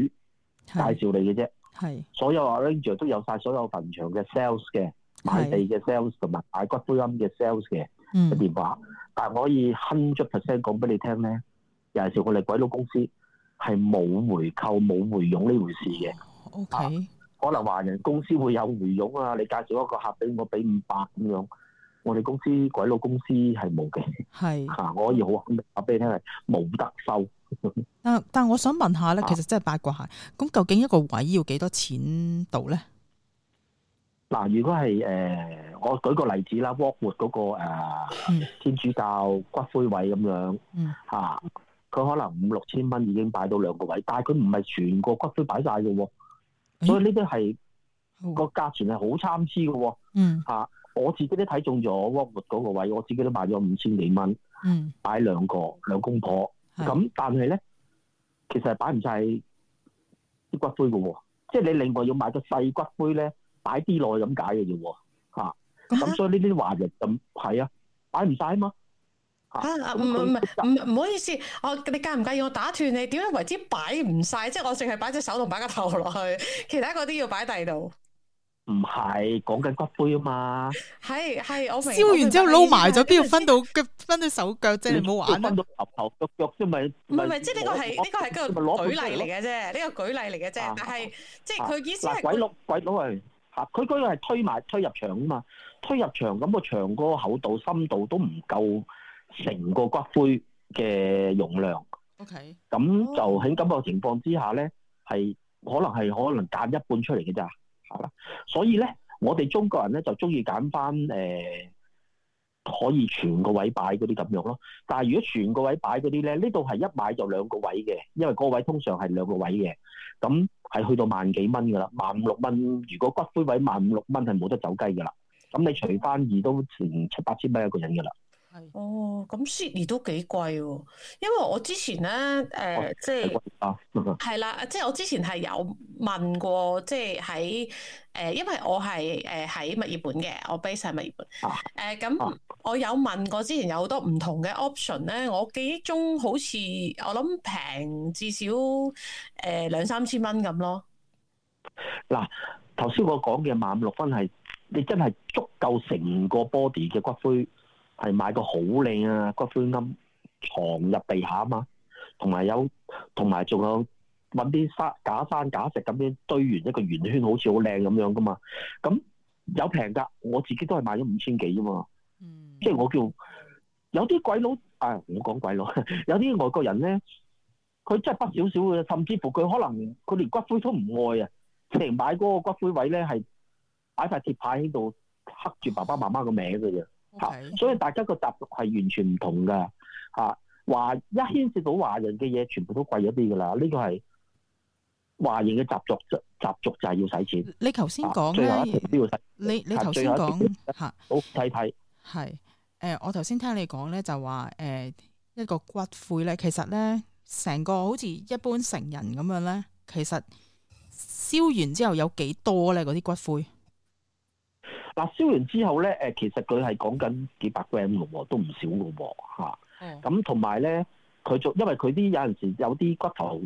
介紹你嘅啫。係，所有 arranger 都有曬所有墳場嘅 sales 嘅買地嘅 sales 同埋買骨灰庵嘅 sales 嘅嘅電話，但係我可以 hundred percent 講俾你聽咧。尤其係我哋鬼佬公司係冇回扣冇回佣呢回事嘅。O、oh, K，okay.、啊、可能華人公司會有回佣啊，你介紹一個客俾我俾五百咁樣，我哋公司鬼佬公司係冇嘅。係吓是、啊，我可以好肯定，話俾你聽係冇得收。 <laughs> 但但係我想問下咧，其實真係八卦下，咁、啊、究竟一個位要幾多錢度咧？嗱、啊，如果係誒、呃，我舉個例子啦，w 沃活嗰個誒、呃嗯、天主教骨灰位咁樣，吓、啊。嗯佢可能五六千蚊已經擺到兩個位，但係佢唔係全個骨灰擺晒嘅喎，所以呢啲係個價錢係好參差嘅喎。嗯，嚇、啊，我自己都睇中咗沃活嗰個位，我自己都買咗五千幾蚊，嗯，擺兩個兩公婆。咁、但係咧，其實係擺唔晒啲骨灰嘅喎，即係你另外要買個細骨灰咧，擺啲落去咁解嘅咋喎。咁、所以呢啲華人就係啊，擺唔晒啊嘛。啊，唔唔唔唔唔好意思，我，你介唔介意我打斷你？點樣為之擺唔晒？即係我淨係擺隻手同擺個頭落去，其他嗰啲，要擺第度。唔係講緊骨灰啊嘛，係，係我燒完之後撈埋咗，邊度分到腳，分到手腳啫？你唔好玩到頭頭腳腳先咪？唔係唔係，即係呢個係呢個係個舉例嚟嘅啫，呢個舉例嚟嘅啫。但係即係佢意思係鬼佬鬼佬係啊，佢嗰個係推埋推入牆，啊嘛，推入牆，咁個牆個厚度深度都唔夠。成個骨灰嘅容量，OK，咁、oh. 就喺咁個情況之下咧，係可能係可能揀一半出嚟嘅咋，係啦。所以咧，我哋中國人咧就中意揀翻誒可以全個位擺嗰啲咁樣咯。但係如果全個位擺嗰啲咧，呢度係一買就兩個位嘅，因為個位通常係兩個位嘅，咁係去到萬幾蚊噶啦，萬五六蚊。如果骨灰位萬五六蚊係冇得走雞噶啦，咁你除翻二都成七八千蚊一個人噶啦。係是哦，咁 Shirley 都幾貴，因為我之前咧，誒、呃，嗯、即係係、嗯、啦，即係我之前係有問過，即係喺誒，因為我係誒喺墨爾本嘅，我 base 喺墨爾本，誒、啊，咁、呃啊、我有問過之前有多 ion, 好多唔同嘅 option 咧，我記憶中好似我諗平至少誒兩、呃、三千蚊咁咯。嗱、啊，頭先我講嘅萬六分係，你真係足夠成個 body 嘅骨灰。係買個好靚啊，骨灰龕藏入地下啊嘛，同埋有同埋仲有搵啲山假山假石咁樣堆完一個圓圈，好似好靚咁樣噶嘛。咁有平噶，我自己都係買咗五千幾啫嘛。嗯，即係我叫有啲鬼佬啊，唔好講鬼佬，有啲外國人咧，佢真係得少少嘅，甚至乎佢可能佢連骨灰都唔愛啊，成買嗰個骨灰位咧係擺塊鐵牌喺度刻住爸爸媽媽個名嘅啫。吓 Okay.、啊，所以大家個習俗係完全唔同噶。吓、啊，華一牽涉到華人嘅嘢，全部都貴咗啲噶啦。呢、這個係華人嘅習俗，習俗就係要使錢。你頭先講，嘅、啊，後一你你頭先講吓，啊、好睇睇。係，誒、呃，我頭先聽你講咧，就話誒一個骨灰咧，其實咧成個好似一般成人咁樣咧，其實燒完之後有幾多咧？嗰啲骨灰？嗱，燒完之後咧，誒，其實佢係講緊幾百 gram 嘅喎，都唔少嘅喎，嚇，咁同埋咧，佢仲的因為佢啲有陣時有啲骨頭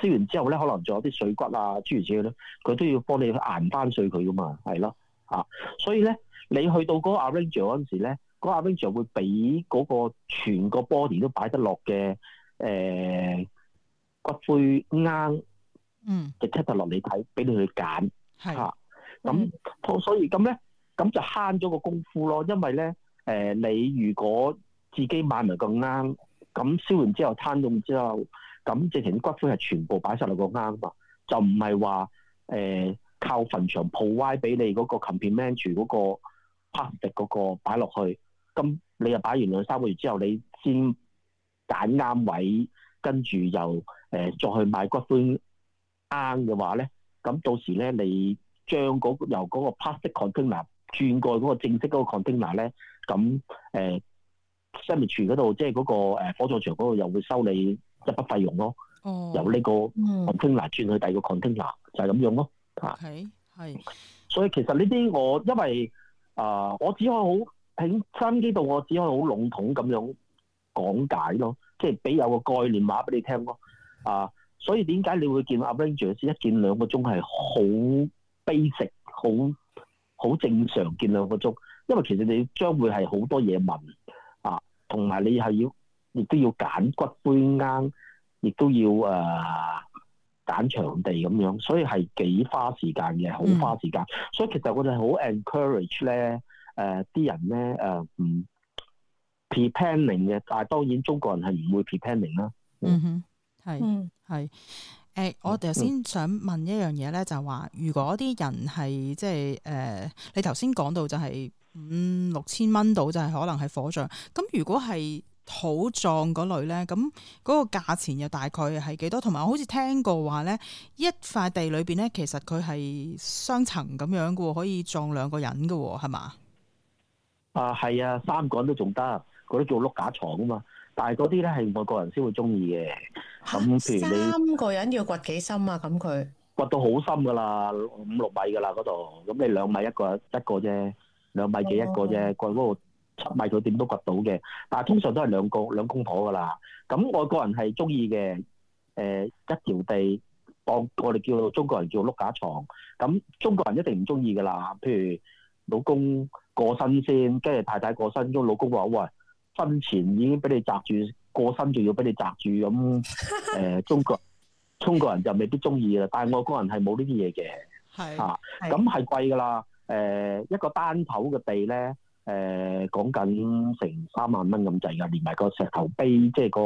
燒完之後咧，可能仲有啲碎骨啊之類之類，佢都要幫你去硬翻碎佢噶嘛，係咯，啊，所以咧，你去到嗰個 arranger 嗰陣時咧，嗰、嗰個 arranger 會俾嗰個全個 body 都擺得落嘅，誒、呃、骨灰盎嗯，就拆曬落你睇，俾你去揀，係。咁，所、嗯嗯、所以咁咧，咁就慳咗個功夫咯。因為咧，誒、呃、你如果自己買嚟咁啱，咁燒完之後攤凍之後，咁直情啲骨灰係全部擺晒落個啱嘛，就唔係話誒靠墳場鋪歪俾你嗰個 convenient 嗰個 perfect 嗰個擺落去。咁你又擺完兩三個月之後，你先揀啱位，跟住又誒、呃、再去買骨灰啱嘅話咧，咁到時咧你。將、嗰個、由嗰個 passive container 轉過嗰個正式嗰、呃就係嗰個 container 咧，咁誒 cemetery 嗰度，即係嗰個火葬場嗰度又會收你一筆費用咯。哦，由呢個 container、嗯、轉去第二個 container 就係咁樣咯。係係，所以其實呢啲我因為啊、呃，我只可以好喺心機度，我只可以好籠統咁樣講解咯，即係俾有個概念話俾你聽咯。啊，所以點解你會見 arranger 一見兩個鐘係好？Basic 好好正常，見兩個鐘，因為其實你將會係好多嘢問啊，同埋你係要亦都要揀骨灰盎，亦都要誒揀場地咁樣，所以係幾花時間嘅，好花時間。嗯、所以其實我哋係好 encourage 咧，誒、呃、啲人咧誒唔 preparing 嘅，呃、pre ning，但係當然中國人係唔會 preparing 啦。Ning，嗯，嗯哼，係，係、嗯。誒、欸，我頭先想問一樣嘢咧，嗯嗯、就係話，如果啲人係即係誒、呃，你頭先講到就係五六千蚊到，嗯、6, 就係可能係火葬。咁如果係土葬嗰類咧，咁嗰個價錢又大概係幾多？同埋我好似聽過話咧，一塊地裏邊咧，其實佢係雙層咁樣嘅，可以葬兩個人嘅，係嘛？啊，係啊，三個人都仲得，嗰啲做碌架床噶嘛。但係嗰啲咧係外國人先會中意嘅，咁譬如你三個人要掘幾深啊？咁佢掘到好深㗎啦，五六米㗎啦嗰度。咁你兩米一個一個啫，兩米幾一個啫，掘嗰度七米佢點都掘到嘅。但係通常都係兩個兩公婆㗎啦。咁外國人係中意嘅，誒，一條地當我哋叫中國人叫碌架牀。咁中國人一定唔中意㗎啦。譬如老公過身先，跟住太太過身，咁老公話：喂。生前已經俾你擸住，過身仲要俾你擸住咁。誒、嗯呃，中國、中國人就未必中意啦，但係外國人係冇呢啲嘢嘅。係啊，咁係貴㗎啦。誒、呃，一個單頭嘅地咧，誒、呃，講緊成三萬蚊咁滯㗎，連埋個石頭碑，即係個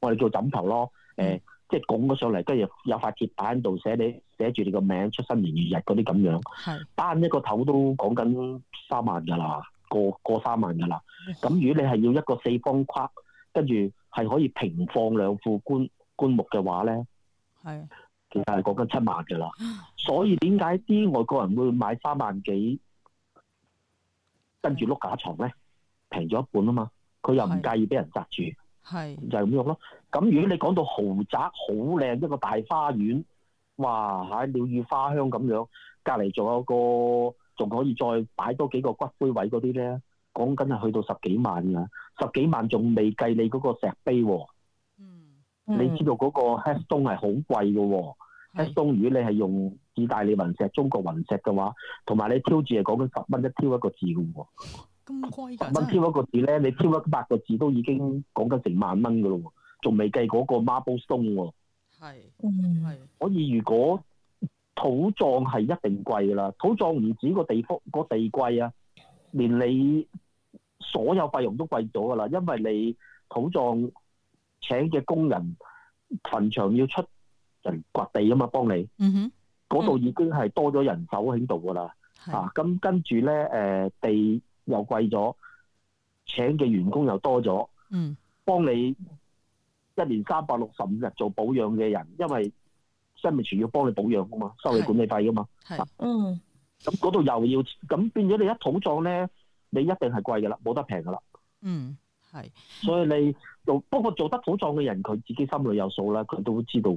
我哋叫枕頭咯。誒、呃，即係拱咗上嚟，跟住有塊鐵板喺度寫你寫住你個名、出生年月日嗰啲咁樣。係是單一個頭都講緊三萬㗎啦。過過三萬嘅啦，咁 <laughs> 如果你係要一個四方框，跟住係可以平放兩副棺棺木嘅話咧，係的，其實係講緊七萬嘅啦。 <laughs> 所以點解啲外國人會買三萬幾，跟住碌架床咧？的平咗一半啊嘛，佢又唔介意俾人擸住，係的，就係咁樣咯。咁如果你講到豪宅好靚一個大花園，哇嚇鳥語花香咁樣，隔離仲有個。仲可以再擺多幾個骨灰位嗰啲咧，講緊係去到十幾萬啊！十幾萬仲未計你嗰個石碑喎。嗯。你知道嗰個 headstone 係好貴嘅喎，headstone 如果你係用意大利雲石、中國雲石嘅話，同埋你挑字係講緊十蚊一挑一個字嘅喎。咁貴㗎！十蚊挑一個字咧，嗯、你挑一百個字都已經講緊成萬蚊嘅咯喎，仲未計嗰個 marble stone 喎。係。嗯、可以如果。土葬係一定貴噶啦，土葬唔止個地方個地貴啊，連你所有費用都貴咗噶啦，因為你土葬請嘅工人，墳場要出人掘地啊嘛，幫你，嗰度已經係多咗人手喺度噶啦，啊，咁跟住咧，誒地又貴咗，請嘅員工又多咗，嗯，幫你一年三百六十五日做保養嘅人，因為。真係完全要幫你保養噶嘛，收你管理費噶嘛，嗯，咁嗰度又要，咁變咗你一土葬咧，你一定係貴噶啦，冇得平噶啦，嗯，係，所以你做不過做得土葬嘅人，佢自己心裏有數啦，佢都知道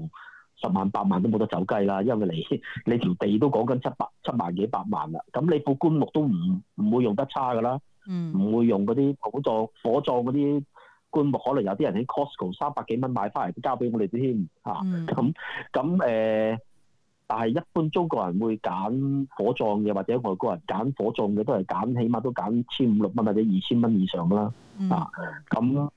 十萬八萬都冇得走雞啦，因為你你條地都講緊七百七萬幾百萬啦，咁你副棺木都唔唔會用得差噶啦，唔、嗯、唔會用嗰啲土葬火葬嗰啲。棺木可能有啲人喺 Costco 三百幾蚊買翻嚟交俾我哋添嚇，咁咁誒，但係一般中國人會揀火葬嘅，或者外國人揀火葬嘅都係揀，起碼都揀千五六蚊或者二千蚊以上啦。啊，咁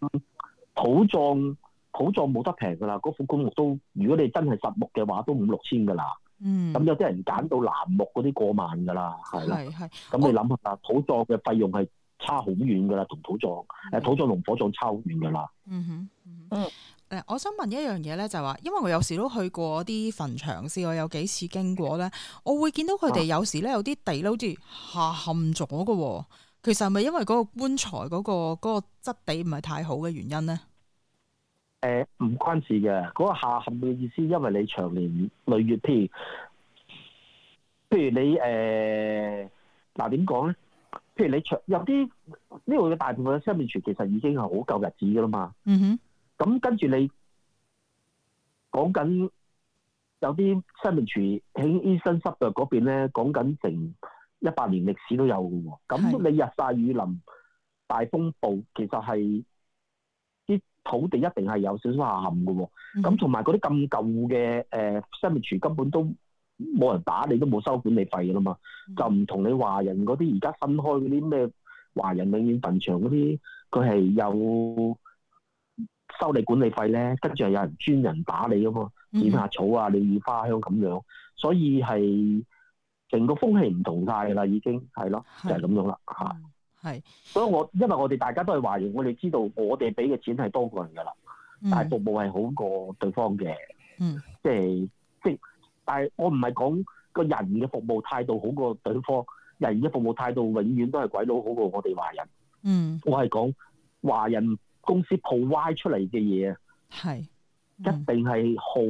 土葬土葬冇得平㗎啦，嗰副棺木都如果你真係實木嘅話，都五六千㗎啦。嗯，咁有啲人揀到楠木嗰啲過萬㗎啦，係啦。係係。咁你諗下啦，土葬嘅費用係？差好遠噶啦，同土葬，誒，土葬同火葬差好遠噶啦。嗯哼，誒、嗯，我想問一樣嘢咧，就係話，因為我有時都去過啲墳場，試過有幾次經過咧，我會見到佢哋有時咧有啲地咧好似下陷咗嘅，啊、其實係咪因為嗰個棺材嗰個嗰個質地唔係太好嘅原因咧？誒、呃，唔關事嘅，嗰個下陷嘅意思，因為你長年累月添，譬如你誒，嗱點講咧？呃呃譬如你長有啲呢度嘅大部分嘅生命柱其實已經係好舊日子嘅啦嘛，嗯哼、mm。咁、hmm. 跟住你講緊有啲生命柱喺 Eastern Suburb 嗰邊咧，講緊成一百年歷史都有嘅。咁你日曬雨淋、大風暴，其實係啲土地一定係有少少下陷嘅。咁同埋嗰啲咁舊嘅誒生命柱根本都。冇人打理都冇收管理費噶啦嘛，嗯、就唔同你華人嗰啲而家新開嗰啲咩華人永遠墳場嗰啲，佢係有收你管理費咧，跟住係有人專人打理噶嘛，剪下草啊，鳥語花香咁樣，所以係成個風氣唔同晒噶啦，已經係咯，就係、是、咁樣啦吓。係，所以我因為我哋大家都係華人，我哋知道我哋俾嘅錢係多過人噶啦，嗯、但係服務係好過對方嘅，嗯，即係即。但係我唔係講個人嘅服務態度好過對方，人嘅服務態度永遠都係鬼佬好過我哋華人。嗯，我係講華人公司鋪歪出嚟嘅嘢，係、嗯、一定係好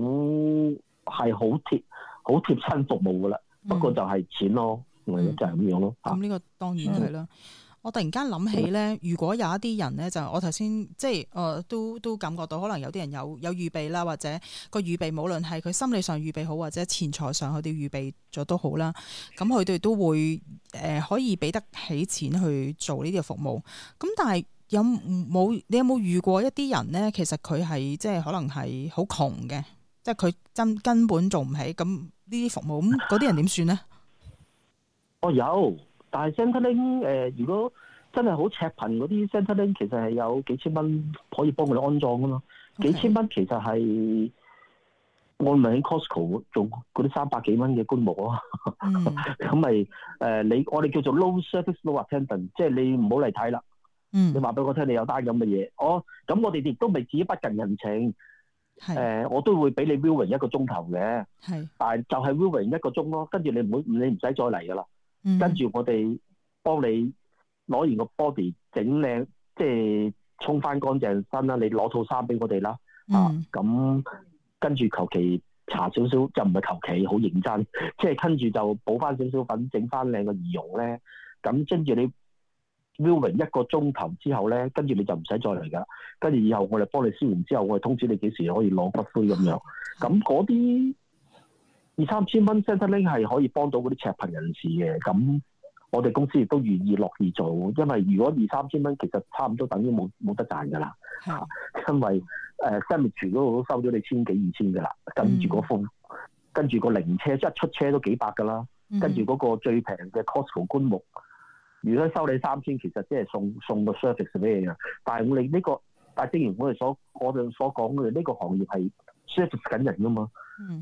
係好貼好貼身服務㗎喇。嗯、不過就係錢咯，嗯、就係咁樣咯。咁呢個當然係啦。啊嗯我突然間諗起咧，如果有一啲人咧，就我頭先即係誒、呃，都都感覺到可能有啲人有有預備啦，或者個預備無論係佢心理上預備好，或者錢財上佢哋預備咗都好啦。咁佢哋都會誒、呃，可以俾得起錢去做呢啲服務。咁但係有冇你有冇遇過一啲人咧？其實佢係即係可能係好窮嘅，即係佢真根本做唔起咁呢啲服務。咁嗰啲人點算呢？哦，有。但係 Centrelink、呃誒，如果真係好赤貧嗰啲 Centrelink 其實係有幾千蚊可以幫佢哋安葬噶嘛？Okay. 幾千蚊其實係我咪喺 Costco 做嗰啲三百幾蚊嘅棺木咯。咁咪誒你我哋叫做 low service low attendant，即係你唔好嚟睇啦。嗯、你話俾我聽，你有單咁嘅嘢，我咁我哋亦都未至於不近人情。係是。誒、呃，我都會俾你 viewing 一個鐘頭嘅。係是。但係就係 viewing 一個鐘咯，跟住你唔好，你唔使再嚟噶啦。跟住我哋幫你攞完個 body 整靚，即係沖翻乾淨身啦。你攞套衫俾我哋啦，嗯、啊咁跟住求其搽少少，就唔係求其好認真，即係跟住就補翻少少粉，整翻靚個儀容咧。咁跟住你 viewing 一個鐘頭之後咧，跟住你就唔使再嚟㗎。跟住以後我哋幫你燒完之後，我哋通知你幾時可以攞骨灰咁樣。咁嗰啲。二三千蚊 send link 係可以幫到嗰啲赤貧人士嘅，咁我哋公司亦都願意落去做，因為如果二三千蚊其實差唔多等於冇冇得賺噶啦，的因為誒 service 嗰度都收咗你千幾二千噶啦，跟住個風，嗯、跟住個靈車即係出車都幾百噶啦，嗯、跟住嗰個最平嘅 Cosco 棺木，如果收你三千，其實即係送送個 service 俾你嘅，但係我哋呢、呢個，但係正如我哋所我哋所講嘅，呢個行業係 service 緊人噶嘛。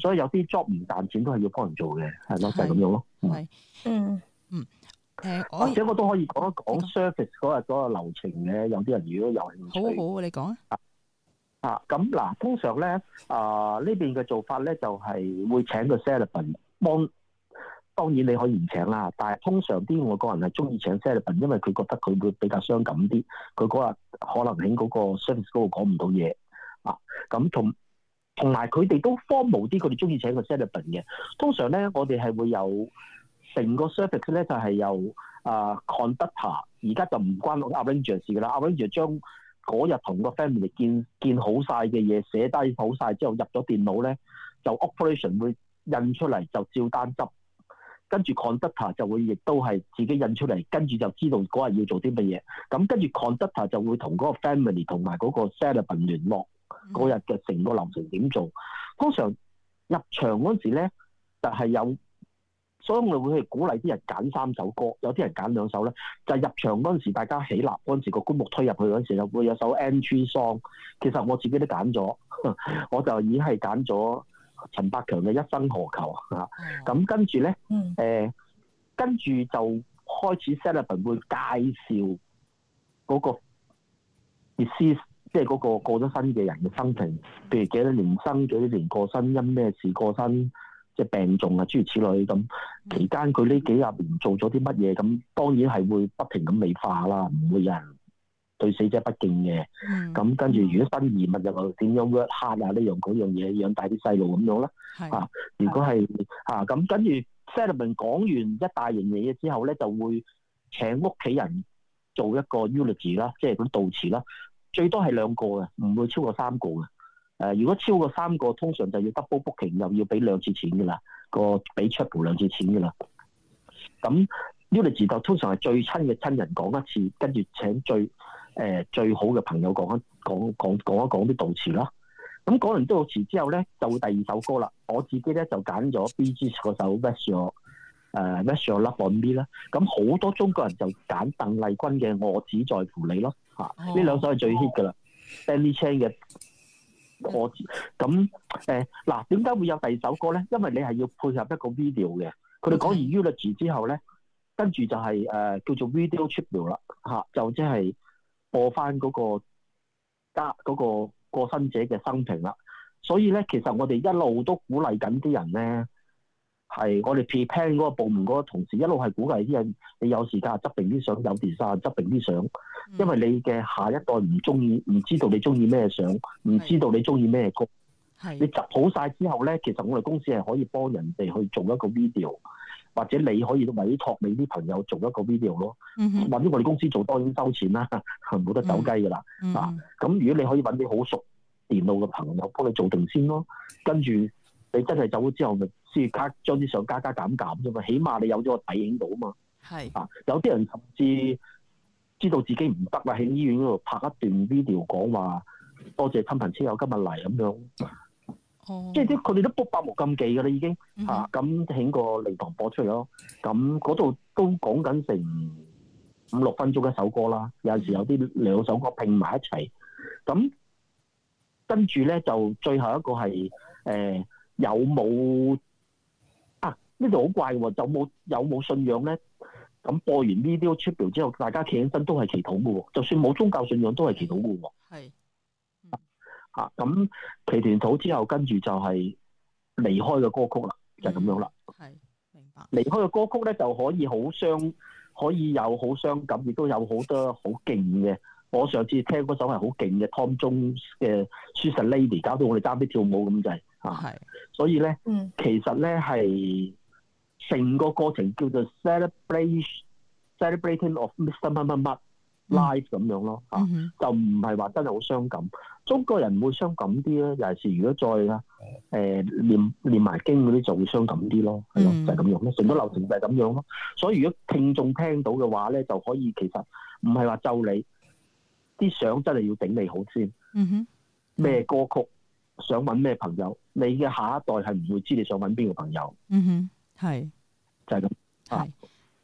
所以有啲 job 唔賺錢都係要幫人做嘅，係咯是，就係咁樣咯。係是、嗯嗯，嗯嗯，誒我，或者我都可以講一講 service 嗰日嗰個流程嘅， <music> 有啲人如果有興趣，好好，你講啊。啊，咁嗱，通常咧，啊呢邊嘅做法咧，就係會請個 celebrant 幫。當然你可以唔請啦，但係通常啲外國人係中意請 celebrant，因為佢覺得佢會比較傷感啲。佢嗰日可能喺嗰個 service 嗰度講唔到嘢啊，咁、啊、同。同埋佢哋都荒無啲，佢哋中意請個 celebrant 嘅。通常咧，我哋係會有成個 service 咧，就係、是、有啊 conductor。而、呃、家就唔關阿 arranger 事㗎啦。阿 arranger 將嗰日同個 family 見見好晒嘅嘢寫低好晒之後，入咗電腦咧，就 operation 會印出嚟，就照單執。跟住 conductor 就會亦都係自己印出嚟，跟住就知道嗰日要做啲乜嘢。咁跟住 conductor 就會同嗰個 family 同埋嗰個 celebrant 聯絡。個日嘅成個流程點做？通常入場嗰陣時咧，就係、是、有，所以我會去鼓勵啲人揀三首歌，有啲人揀兩首咧。就係、是、入場嗰陣時，大家起立嗰陣時，個棺木推入去嗰陣時，就會有首《Entry Song》。其實我自己都揀咗，我就已經係揀咗陳百強嘅《一生何求》嚇。咁跟住咧，誒、啊，跟住、呃、就開始 set up，佢會介紹嗰、那個 disc。即係嗰個過咗身嘅人嘅生平，譬如幾多年生，幾多年過身，因咩事過身，即係病重啊，諸如此類咁。期間佢呢幾廿年做咗啲乜嘢咁，當然係會不停咁美化啦，唔會有人對死者不敬嘅。咁跟住，如果新移民又點樣 work hard 啊，呢樣嗰樣嘢養大啲細路咁樣啦。嚇，如果係嚇咁，跟住 settlement 講完一大型嘅嘢之後咧，就會請屋企人做一個 eulogy 啦，即係嗰啲悼詞啦。最多係兩個嘅，唔會超過三個嘅。誒、呃，如果超過三個，通常就要 double booking，又要俾兩次錢嘅啦，個俾 trip 兩次錢嘅啦。咁、嗯、unique、那個、就通常係最親嘅親人講一次，跟住請最誒、呃、最好嘅朋友講一講講講一講啲悼詞啦。咁、嗯、講完悼詞之後咧，就會第二首歌啦。我自己咧就揀咗 BGs 嗰首《Wish On》誒《Wish On Love On Me》啦。咁、嗯、好多中國人就揀鄧麗君嘅《我只在乎你》咯。吓，呢、啊、兩首係最 hit 㗎啦，Danny Chan i 嘅過節。咁誒嗱，點解、啊、會有第二首歌咧？因為你係要配合一個 video 嘅。佢哋講完 eulogy、e、之後咧，跟住就係、是、誒、呃、叫做 video tribute 啦。嚇、啊，就即係播翻嗰、那個加嗰、啊那個過身者嘅生平啦。所以咧，其實我哋一路都鼓勵緊啲人咧，係我哋 preparing 嗰個部門嗰個同事一路係鼓勵啲人，你有時間執定啲相，有時間執定啲相。因為你嘅下一代唔中意，唔知道你中意咩相，唔是知道你中意咩曲，係是你集好晒之後咧，其實我哋公司係可以幫人哋去做一個 video，或者你可以委託你啲朋友做一個 video 咯，或者、嗯、哼我哋公司做當然收錢啦，冇 <laughs> 得走雞㗎啦，嗯、啊，咁、嗯、哼如果你可以揾啲好熟電腦嘅朋友幫你做定先咯，跟住你真係走咗之後，咪先至加將啲相加加減減啫嘛，起碼你有咗個底影到啊嘛，係是啊，有啲人甚至。知道自己唔得啦，喺醫院嗰度拍一段 video 講話，多謝親朋戚友今日嚟咁樣。哦，即係啲佢哋都卜百無禁忌㗎啦，已經嚇。咁請個靈堂播出嚟咯。咁嗰度都講緊成五六分鐘一首歌啦。有陣時有啲兩首歌拼埋一齊。咁跟住咧就最後一個係誒有冇啊？呢度好怪喎，有冇有冇信仰咧？咁播完呢啲 outro 之後，大家企起身都係祈禱嘅喎，就算冇宗教信仰都係祈禱嘅喎。係是，咁、啊、祈完禱之後，跟住就係離開嘅歌曲啦，就咁、是、樣啦。係，明白。離開嘅歌曲咧，就可以好傷，可以有好傷感，亦都有好多好勁嘅。我上次聽嗰首係好勁嘅 Tom Jones 嘅《She's a Lady》，搞到我哋爭啲跳舞咁滯。係是、啊，所以咧，嗯是，其實咧係。成個過程叫做 celebrating celebrating of 乜乜乜乜 life 咁、mm hmm. 樣咯嚇，就唔係話真係好傷感。中國人唔會傷感啲啦，尤其是如果再啦誒念念埋經嗰啲，就會傷感啲咯，係咯就係、是、咁樣咯，成個流程就係咁樣咯。所以如果聽眾聽到嘅話咧，就可以其實唔係話就你啲相真係要整理好先。哼、mm，咩、hmm. 歌曲想揾咩朋友？你嘅下一代係唔會知你想揾邊個朋友。嗯哼、mm，係、hmm.。就係咁，係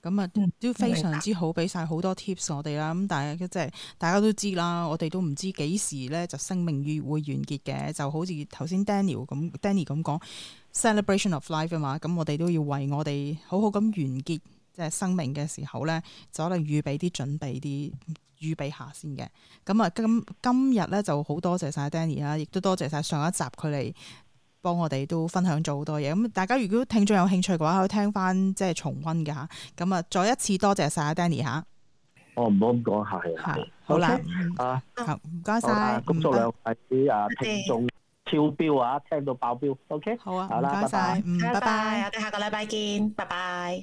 咁啊，嗯嗯，都非常之好，俾晒好多 tips 我哋啦。咁大家即係大家都知啦，嗯、我哋都唔知幾時咧就生命會完結嘅，就好似頭先 Daniel 咁，Danny 咁講 celebration of life 啊嘛。咁我哋都要為我哋好好咁完結即係生命嘅時候咧，就可能預備啲準備啲，預備下先嘅。咁、嗯、啊，今今日咧就好多謝晒 Danny 啦，亦都多謝晒上一集佢哋。幫我哋都分享咗好多嘢，咁大家如果聽眾有興趣嘅話，可以聽翻即係重溫嘅嚇。咁啊，再一次多謝晒阿 Danny 嚇。哦，唔好咁講嚇，係。係，好啦。啊，好，唔該晒。啊，工作量喺啊，聽眾超標啊，聽到爆標，OK。好啊。唔該晒。嗯，拜拜。我哋下個禮拜見，拜拜。